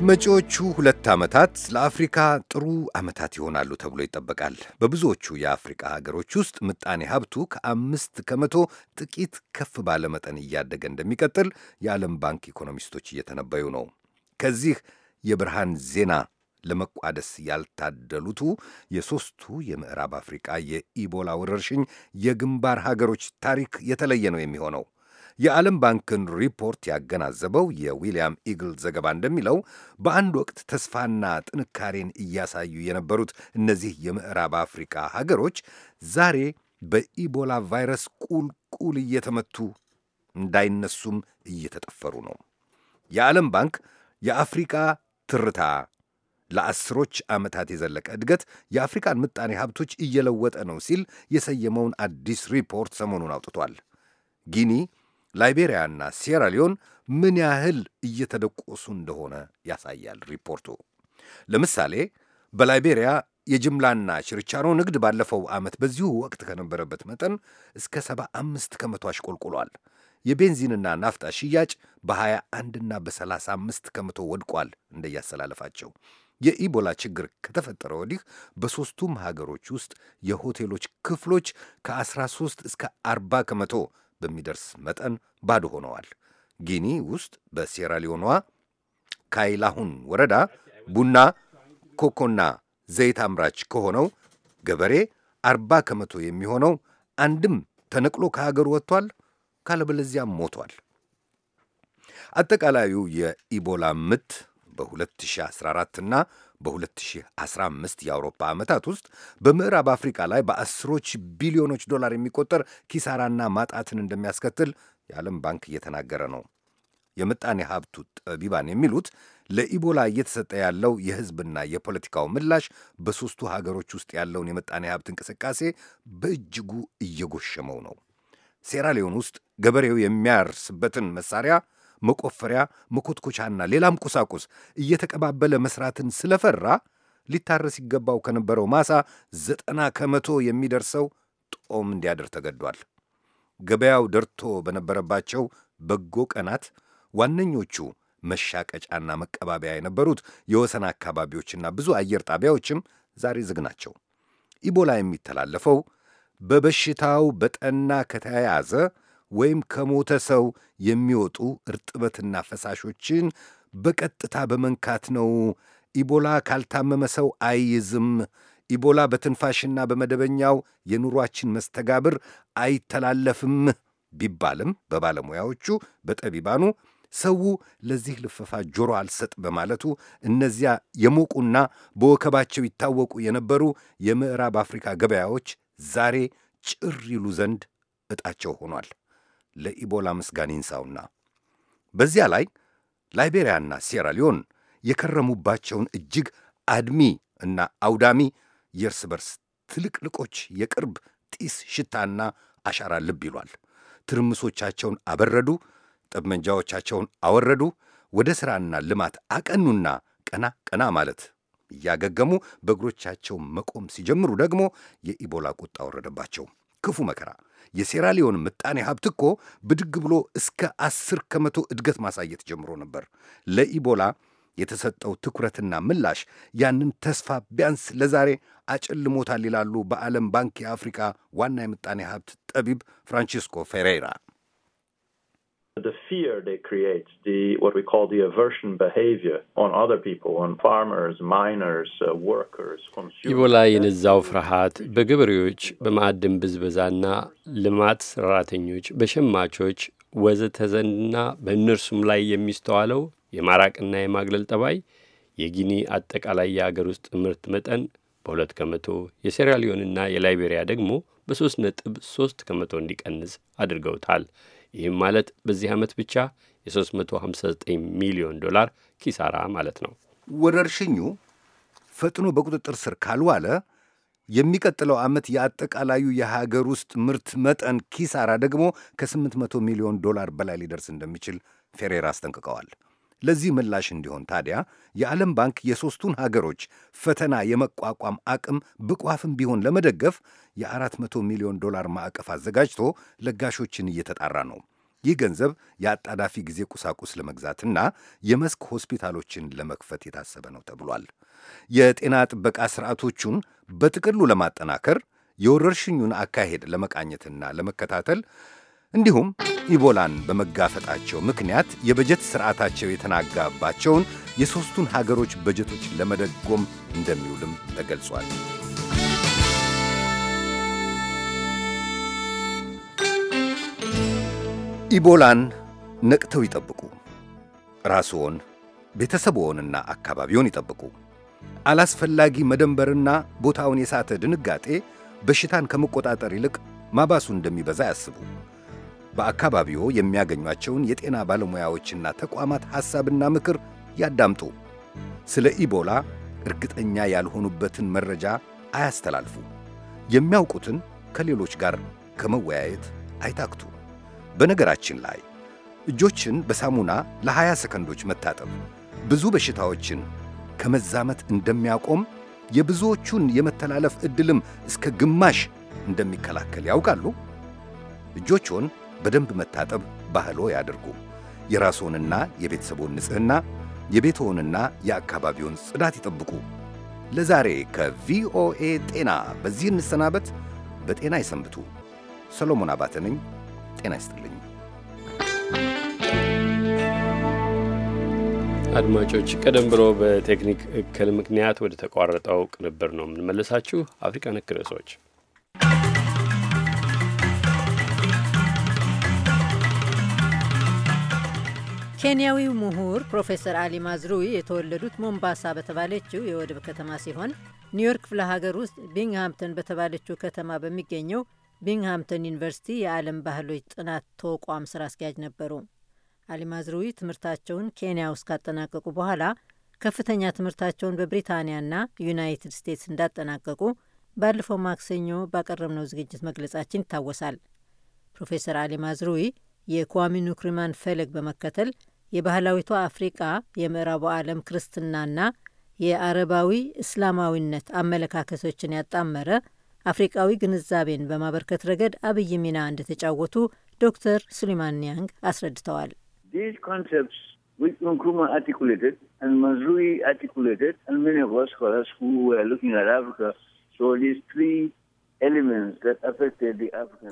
መጪዎቹ ሁለት ዓመታት ለአፍሪካ ጥሩ ዓመታት ይሆናሉ ተብሎ ይጠበቃል። በብዙዎቹ የአፍሪካ ሀገሮች ውስጥ ምጣኔ ሀብቱ ከአምስት ከመቶ ጥቂት ከፍ ባለ መጠን እያደገ እንደሚቀጥል የዓለም ባንክ ኢኮኖሚስቶች እየተነበዩ ነው። ከዚህ የብርሃን ዜና ለመቋደስ ያልታደሉቱ የሦስቱ የምዕራብ አፍሪቃ የኢቦላ ወረርሽኝ የግንባር ሀገሮች ታሪክ የተለየ ነው የሚሆነው። የዓለም ባንክን ሪፖርት ያገናዘበው የዊልያም ኢግል ዘገባ እንደሚለው በአንድ ወቅት ተስፋና ጥንካሬን እያሳዩ የነበሩት እነዚህ የምዕራብ አፍሪካ ሀገሮች ዛሬ በኢቦላ ቫይረስ ቁልቁል እየተመቱ እንዳይነሱም እየተጠፈሩ ነው። የዓለም ባንክ የአፍሪቃ ትርታ ለአስሮች ዓመታት የዘለቀ እድገት የአፍሪካን ምጣኔ ሀብቶች እየለወጠ ነው ሲል የሰየመውን አዲስ ሪፖርት ሰሞኑን አውጥቷል። ጊኒ ላይቤሪያና ሴራሊዮን ምን ያህል እየተደቆሱ እንደሆነ ያሳያል ሪፖርቱ። ለምሳሌ በላይቤሪያ የጅምላና ችርቻሮ ንግድ ባለፈው ዓመት በዚሁ ወቅት ከነበረበት መጠን እስከ 75 ከመቶ አሽቆልቁሏል። የቤንዚንና ናፍጣ ሽያጭ በ 21 እና በ35 ከመቶ ወድቋል። እንደያሰላለፋቸው የኢቦላ ችግር ከተፈጠረ ወዲህ በሦስቱም ሀገሮች ውስጥ የሆቴሎች ክፍሎች ከ13 እስከ 40 ከመቶ በሚደርስ መጠን ባዶ ሆነዋል። ጊኒ ውስጥ በሴራሊዮኗ ካይላሁን ወረዳ ቡና፣ ኮኮና ዘይት አምራች ከሆነው ገበሬ አርባ ከመቶ የሚሆነው አንድም ተነቅሎ ከሀገሩ ወጥቷል፣ ካለበለዚያም ሞቷል። አጠቃላዩ የኢቦላ ምት በ2014 እና በ2015 የአውሮፓ ዓመታት ውስጥ በምዕራብ አፍሪካ ላይ በአስሮች ቢሊዮኖች ዶላር የሚቆጠር ኪሳራና ማጣትን እንደሚያስከትል የዓለም ባንክ እየተናገረ ነው። የምጣኔ ሀብቱ ጠቢባን የሚሉት ለኢቦላ እየተሰጠ ያለው የሕዝብና የፖለቲካው ምላሽ በሦስቱ ሀገሮች ውስጥ ያለውን የምጣኔ ሀብት እንቅስቃሴ በእጅጉ እየጎሸመው ነው። ሴራሊዮን ውስጥ ገበሬው የሚያርስበትን መሳሪያ መቆፈሪያ፣ መኮትኮቻና ሌላም ቁሳቁስ እየተቀባበለ መስራትን ስለፈራ ሊታረስ ይገባው ከነበረው ማሳ ዘጠና ከመቶ የሚደርሰው ጦም እንዲያድር ተገዷል። ገበያው ደርቶ በነበረባቸው በጎ ቀናት ዋነኞቹ መሻቀጫና መቀባበያ የነበሩት የወሰን አካባቢዎችና ብዙ አየር ጣቢያዎችም ዛሬ ዝግ ናቸው። ኢቦላ የሚተላለፈው በበሽታው በጠና ከተያያዘ ወይም ከሞተ ሰው የሚወጡ እርጥበትና ፈሳሾችን በቀጥታ በመንካት ነው። ኢቦላ ካልታመመ ሰው አይይዝም። ኢቦላ በትንፋሽና በመደበኛው የኑሯችን መስተጋብር አይተላለፍም ቢባልም በባለሙያዎቹ በጠቢባኑ ሰው ለዚህ ልፈፋ ጆሮ አልሰጥ በማለቱ እነዚያ የሞቁና በወከባቸው ይታወቁ የነበሩ የምዕራብ አፍሪካ ገበያዎች ዛሬ ጭር ይሉ ዘንድ ዕጣቸው ሆኗል። ለኢቦላ ምስጋን ይንሳውና በዚያ ላይ ላይቤሪያና ሊዮን የከረሙባቸውን እጅግ አድሚ እና አውዳሚ የእርስ በርስ ትልቅልቆች የቅርብ ጢስ ሽታና አሻራ ልብ ይሏል። ትርምሶቻቸውን አበረዱ፣ ጠመንጃዎቻቸውን አወረዱ፣ ወደ ሥራና ልማት አቀኑና ቀና ቀና ማለት እያገገሙ በእግሮቻቸው መቆም ሲጀምሩ ደግሞ የኢቦላ ቁጣ ወረደባቸው። ክፉ መከራ የሴራሊዮን ምጣኔ ሀብት እኮ ብድግ ብሎ እስከ አስር ከመቶ እድገት ማሳየት ጀምሮ ነበር። ለኢቦላ የተሰጠው ትኩረትና ምላሽ ያንን ተስፋ ቢያንስ ለዛሬ አጨልሞታል ይላሉ በዓለም ባንክ የአፍሪካ ዋና የምጣኔ ሀብት ጠቢብ ፍራንቺስኮ ፌሬራ። the fear they create, the what we call the aversion behavior on other people, on farmers, miners, uh, workers, consumers. ኢቦላ የነዛው ፍርሃት በገበሬዎች በማዕድን ብዝበዛና ልማት ሰራተኞች፣ በሸማቾች ወዘተ ዘንድና በእነርሱም ላይ የሚስተዋለው የማራቅና የማግለል ጠባይ የጊኒ አጠቃላይ የአገር ውስጥ ምርት መጠን በሁለት ከመቶ የሴራሊዮንና የላይቤሪያ ደግሞ በሶስት ነጥብ ሶስት ከመቶ እንዲቀንስ አድርገውታል። ይህም ማለት በዚህ ዓመት ብቻ የ359 ሚሊዮን ዶላር ኪሳራ ማለት ነው። ወረርሽኙ ፈጥኖ በቁጥጥር ስር ካልዋለ የሚቀጥለው ዓመት የአጠቃላዩ የሀገር ውስጥ ምርት መጠን ኪሳራ ደግሞ ከ800 ሚሊዮን ዶላር በላይ ሊደርስ እንደሚችል ፌሬራ አስጠንቅቀዋል። ለዚህ ምላሽ እንዲሆን ታዲያ የዓለም ባንክ የሦስቱን ሀገሮች ፈተና የመቋቋም አቅም ብቋፍም ቢሆን ለመደገፍ የ400 ሚሊዮን ዶላር ማዕቀፍ አዘጋጅቶ ለጋሾችን እየተጣራ ነው። ይህ ገንዘብ የአጣዳፊ ጊዜ ቁሳቁስ ለመግዛትና የመስክ ሆስፒታሎችን ለመክፈት የታሰበ ነው ተብሏል። የጤና ጥበቃ ስርዓቶቹን በጥቅሉ ለማጠናከር የወረርሽኙን አካሄድ ለመቃኘትና ለመከታተል እንዲሁም ኢቦላን በመጋፈጣቸው ምክንያት የበጀት ስርዓታቸው የተናጋባቸውን የሦስቱን ሀገሮች በጀቶች ለመደጎም እንደሚውልም ተገልጿል። ኢቦላን ነቅተው ይጠብቁ። ራስዎን፣ ቤተሰብዎንና አካባቢውን ይጠብቁ። አላስፈላጊ መደንበርና ቦታውን የሳተ ድንጋጤ በሽታን ከመቆጣጠር ይልቅ ማባሱ እንደሚበዛ ያስቡ። በአካባቢዎ የሚያገኟቸውን የጤና ባለሙያዎችና ተቋማት ሐሳብና ምክር ያዳምጡ። ስለ ኢቦላ እርግጠኛ ያልሆኑበትን መረጃ አያስተላልፉ። የሚያውቁትን ከሌሎች ጋር ከመወያየት አይታክቱ። በነገራችን ላይ እጆችን በሳሙና ለ20 ሰከንዶች መታጠብ ብዙ በሽታዎችን ከመዛመት እንደሚያቆም የብዙዎቹን የመተላለፍ ዕድልም እስከ ግማሽ እንደሚከላከል ያውቃሉ? እጆችዎን በደንብ መታጠብ ባህሎ ያድርጉ። የራስዎንና የቤተሰቦን ንጽህና የቤትዎንና የአካባቢውን ጽዳት ይጠብቁ። ለዛሬ ከቪኦኤ ጤና በዚህ እንሰናበት። በጤና ይሰንብቱ። ሰሎሞን አባተ ነኝ። ጤና ይስጥልኝ። አድማጮች፣ ቀደም ብሎ በቴክኒክ እክል ምክንያት ወደ ተቋረጠው ቅንብር ነው የምንመለሳችሁ። አፍሪካ ነክ ርዕሶች ኬንያዊው ምሁር ፕሮፌሰር አሊ ማዝሩዊ የተወለዱት ሞምባሳ በተባለችው የወደብ ከተማ ሲሆን ኒውዮርክ ክፍለ ሀገር ውስጥ ቢንግሃምተን በተባለችው ከተማ በሚገኘው ቢንግሃምተን ዩኒቨርሲቲ የዓለም ባህሎች ጥናት ተቋም ስራ አስኪያጅ ነበሩ። አሊ ማዝሩዊ ትምህርታቸውን ኬንያ ውስጥ ካጠናቀቁ በኋላ ከፍተኛ ትምህርታቸውን በብሪታንያና ዩናይትድ ስቴትስ እንዳጠናቀቁ ባለፈው ማክሰኞ ባቀረብነው ዝግጅት መግለጻችን ይታወሳል። ፕሮፌሰር አሊ ማዝሩዊ የኳሚ ኑክሪማን ፈለግ በመከተል የባህላዊቷ አፍሪቃ የምዕራቡ ዓለም ክርስትናና የአረባዊ እስላማዊነት አመለካከቶችን ያጣመረ አፍሪቃዊ ግንዛቤን በማበርከት ረገድ አብይ ሚና እንደተጫወቱ ዶክተር ሱሊማን ኒያንግ አስረድተዋል።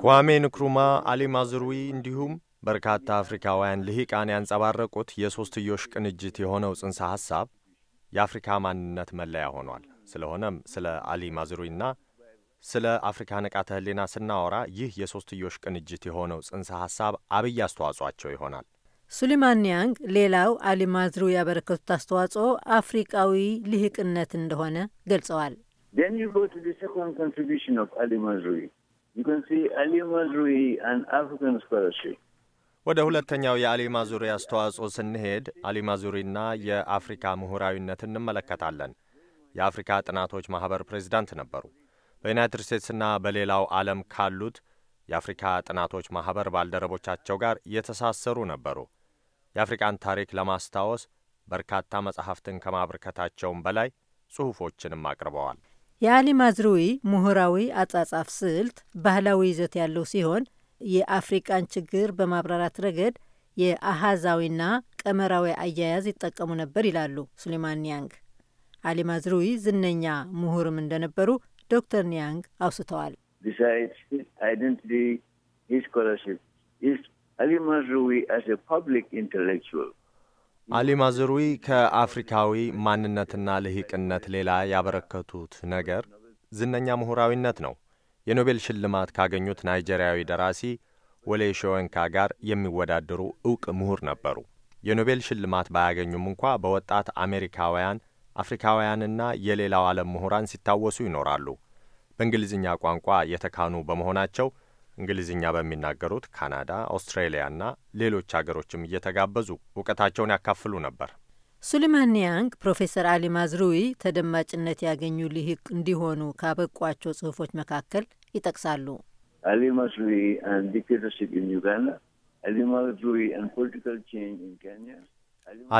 ኳሜ ንክሩማ፣ አሊ ማዝሩዊ እንዲሁም በርካታ አፍሪካውያን ልሂቃን ያንጸባረቁት የሦስትዮሽ ቅንጅት የሆነው ጽንሰ ሐሳብ የአፍሪካ ማንነት መለያ ሆኗል። ስለሆነም ስለ አሊ ማዝሩይና ስለ አፍሪካ ንቃተ ህሊና ስናወራ ይህ የሦስትዮሽ ቅንጅት የሆነው ጽንሰ ሐሳብ አብይ አስተዋጽኦአቸው ይሆናል። ሱሊማን ያንግ ሌላው አሊ ማዝሩ ያበረከቱት አስተዋጽኦ አፍሪቃዊ ልህቅነት እንደሆነ ገልጸዋል። አሊ ስኮላርሺፕ ወደ ሁለተኛው የአሊማ ዙሪ አስተዋጽኦ ስንሄድ አሊማ ዙሪና የአፍሪካ ምሁራዊነት እንመለከታለን። የአፍሪካ ጥናቶች ማኅበር ፕሬዚዳንት ነበሩ። በዩናይትድ ስቴትስና በሌላው ዓለም ካሉት የአፍሪካ ጥናቶች ማኅበር ባልደረቦቻቸው ጋር የተሳሰሩ ነበሩ። የአፍሪቃን ታሪክ ለማስታወስ በርካታ መጻሕፍትን ከማበርከታቸውም በላይ ጽሑፎችንም አቅርበዋል። የአሊማ ዝሩዊ ምሁራዊ አጻጻፍ ስልት ባህላዊ ይዘት ያለው ሲሆን የአፍሪቃን ችግር በማብራራት ረገድ የአሃዛዊና ቀመራዊ አያያዝ ይጠቀሙ ነበር ይላሉ ሱሌማን ኒያንግ። አሊ ማዝሩዊ ዝነኛ ምሁርም እንደነበሩ ዶክተር ኒያንግ አውስተዋል። አሊ ማዝሩዊ ከአፍሪካዊ ማንነትና ልሂቅነት ሌላ ያበረከቱት ነገር ዝነኛ ምሁራዊነት ነው። የኖቤል ሽልማት ካገኙት ናይጄሪያዊ ደራሲ ወሌ ሾወንካ ጋር የሚወዳደሩ እውቅ ምሁር ነበሩ። የኖቤል ሽልማት ባያገኙም እንኳ በወጣት አሜሪካውያን፣ አፍሪካውያንና የሌላው ዓለም ምሁራን ሲታወሱ ይኖራሉ። በእንግሊዝኛ ቋንቋ የተካኑ በመሆናቸው እንግሊዝኛ በሚናገሩት ካናዳ፣ አውስትራሊያና ሌሎች አገሮችም እየተጋበዙ እውቀታቸውን ያካፍሉ ነበር። ሱሊማን ያንግ ፕሮፌሰር አሊ ማዝሩዊ ተደማጭነት ያገኙ ልሂቅ እንዲሆኑ ካበቋቸው ጽሁፎች መካከል ይጠቅሳሉ።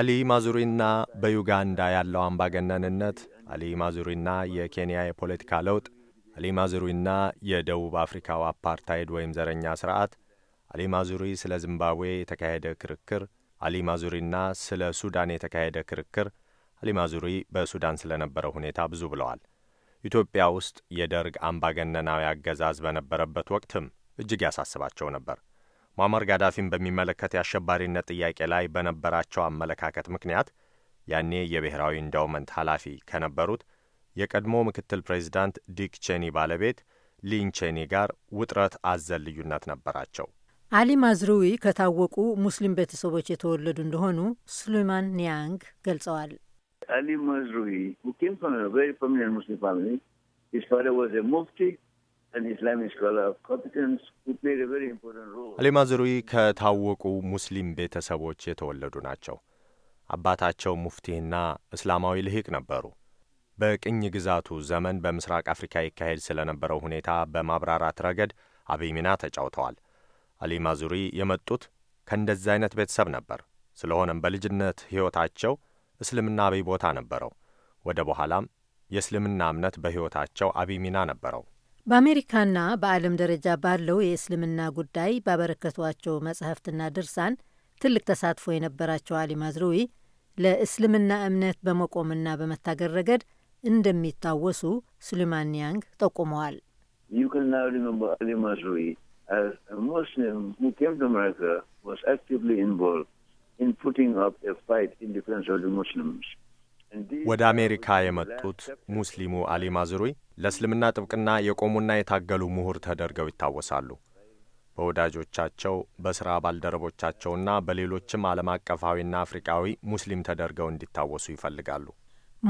አሊ ማዙሪና በዩጋንዳ ያለው አምባገነንነት፣ አሊ ማዙሪና የኬንያ የፖለቲካ ለውጥ፣ አሊ ማዙሪና የደቡብ አፍሪካው አፓርታይድ ወይም ዘረኛ ስርዓት፣ አሊ ማዙሪ ስለ ዚምባብዌ የተካሄደ ክርክር፣ አሊ ማዙሪና ስለ ሱዳን የተካሄደ ክርክር አሊ ማዙሪ በሱዳን ስለነበረው ሁኔታ ብዙ ብለዋል። ኢትዮጵያ ውስጥ የደርግ አምባገነናዊ አገዛዝ በነበረበት ወቅትም እጅግ ያሳስባቸው ነበር። ሟመር ጋዳፊን በሚመለከት የአሸባሪነት ጥያቄ ላይ በነበራቸው አመለካከት ምክንያት ያኔ የብሔራዊ ኢንዳውመንት ኃላፊ ከነበሩት የቀድሞ ምክትል ፕሬዚዳንት ዲክ ቼኒ ባለቤት ሊን ቼኒ ጋር ውጥረት አዘል ልዩነት ነበራቸው። አሊ ማዝሩዊ ከታወቁ ሙስሊም ቤተሰቦች የተወለዱ እንደሆኑ ሱሌማን ኒያንግ ገልጸዋል። አሊ ማዝሩዊ አሊ ማዝሩዊ ከታወቁ ሙስሊም ቤተሰቦች የተወለዱ ናቸው። አባታቸው ሙፍቲህና እስላማዊ ልሂቅ ነበሩ። በቅኝ ግዛቱ ዘመን በምስራቅ አፍሪካ ይካሄድ ስለነበረው ሁኔታ በማብራራት ረገድ አብይ ሚና ተጫውተዋል። አሊ ማዙሪ የመጡት ከእንደዚህ አይነት ቤተሰብ ነበር። ስለሆነም በልጅነት ሕይወታቸው እስልምና አብይ ቦታ ነበረው። ወደ በኋላም የእስልምና እምነት በሕይወታቸው አብይ ሚና ነበረው። በአሜሪካና በዓለም ደረጃ ባለው የእስልምና ጉዳይ ባበረከቷቸው መጽሕፍትና ድርሳን ትልቅ ተሳትፎ የነበራቸው አሊ ማዝሩዊ ለእስልምና እምነት በመቆምና በመታገር ረገድ እንደሚታወሱ ሱሊማን ያንግ ጠቁመዋል። as a Muslim who came to America, was actively involved in putting up a fight in defense of the Muslims. ወደ አሜሪካ የመጡት ሙስሊሙ አሊ ማዝሩይ ለእስልምና ጥብቅና የቆሙና የታገሉ ምሁር ተደርገው ይታወሳሉ። በወዳጆቻቸው በሥራ ባልደረቦቻቸውና በሌሎችም ዓለም አቀፋዊና አፍሪቃዊ ሙስሊም ተደርገው እንዲታወሱ ይፈልጋሉ።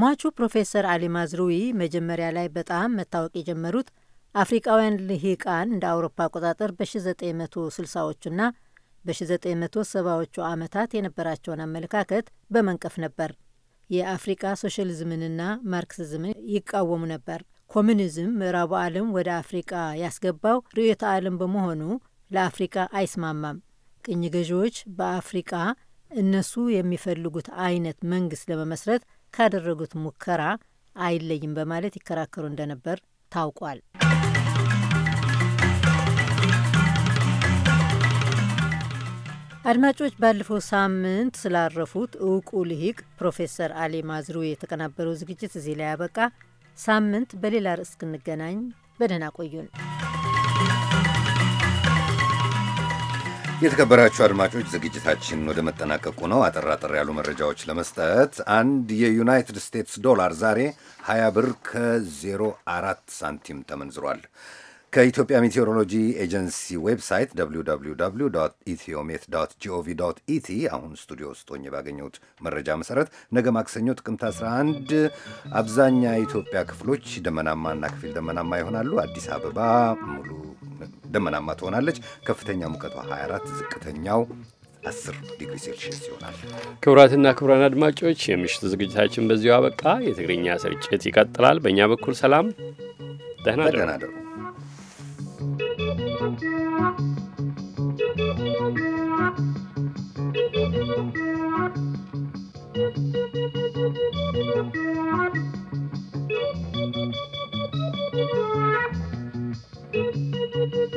ሟቹ ፕሮፌሰር አሊ ማዝሩዊ መጀመሪያ ላይ በጣም መታወቅ የጀመሩት አፍሪቃውያን ልሂቃን እንደ አውሮፓ አቆጣጠር በ1960ዎቹና በ1970ዎቹ ዓመታት የነበራቸውን አመለካከት በመንቀፍ ነበር። የአፍሪቃ ሶሻሊዝምንና ማርክሲዝምን ይቃወሙ ነበር። ኮሚኒዝም ምዕራቡ ዓለም ወደ አፍሪቃ ያስገባው ርዕዮተ ዓለም በመሆኑ ለአፍሪቃ አይስማማም። ቅኝ ገዢዎች በአፍሪቃ እነሱ የሚፈልጉት አይነት መንግስት ለመመስረት ካደረጉት ሙከራ አይለይም በማለት ይከራከሩ እንደነበር ታውቋል። አድማጮች፣ ባለፈው ሳምንት ስላረፉት እውቁ ልሂቅ ፕሮፌሰር አሊ ማዝሩ የተቀናበረው ዝግጅት እዚህ ላይ ያበቃ። ሳምንት በሌላ ርዕስ እስክንገናኝ በደህና ቆዩን። የተከበራችሁ አድማጮች ዝግጅታችን ወደ መጠናቀቁ ነው። አጠር አጠር ያሉ መረጃዎች ለመስጠት አንድ የዩናይትድ ስቴትስ ዶላር ዛሬ 20 ብር ከ04 ሳንቲም ተመንዝሯል። ከኢትዮጵያ ሜቴሮሎጂ ኤጀንሲ ዌብሳይት ኢትዮሜት ጂኦቪ ኢቲ አሁን ስቱዲዮ ውስጥ ሆኜ ባገኘሁት መረጃ መሰረት ነገ ማክሰኞ ጥቅምት 11 አብዛኛ የኢትዮጵያ ክፍሎች ደመናማና ከፊል ደመናማ ይሆናሉ። አዲስ አበባ ሙሉ ደመናማ ትሆናለች። ከፍተኛ ሙቀቷ 24፣ ዝቅተኛው 10 ዲግሪ ሴልሽስ ይሆናል። ክቡራትና ክቡራን አድማጮች የምሽቱ ዝግጅታችን በዚሁ አበቃ። የትግርኛ ስርጭት ይቀጥላል። በእኛ በኩል ሰላም፣ ደህና ደሩ።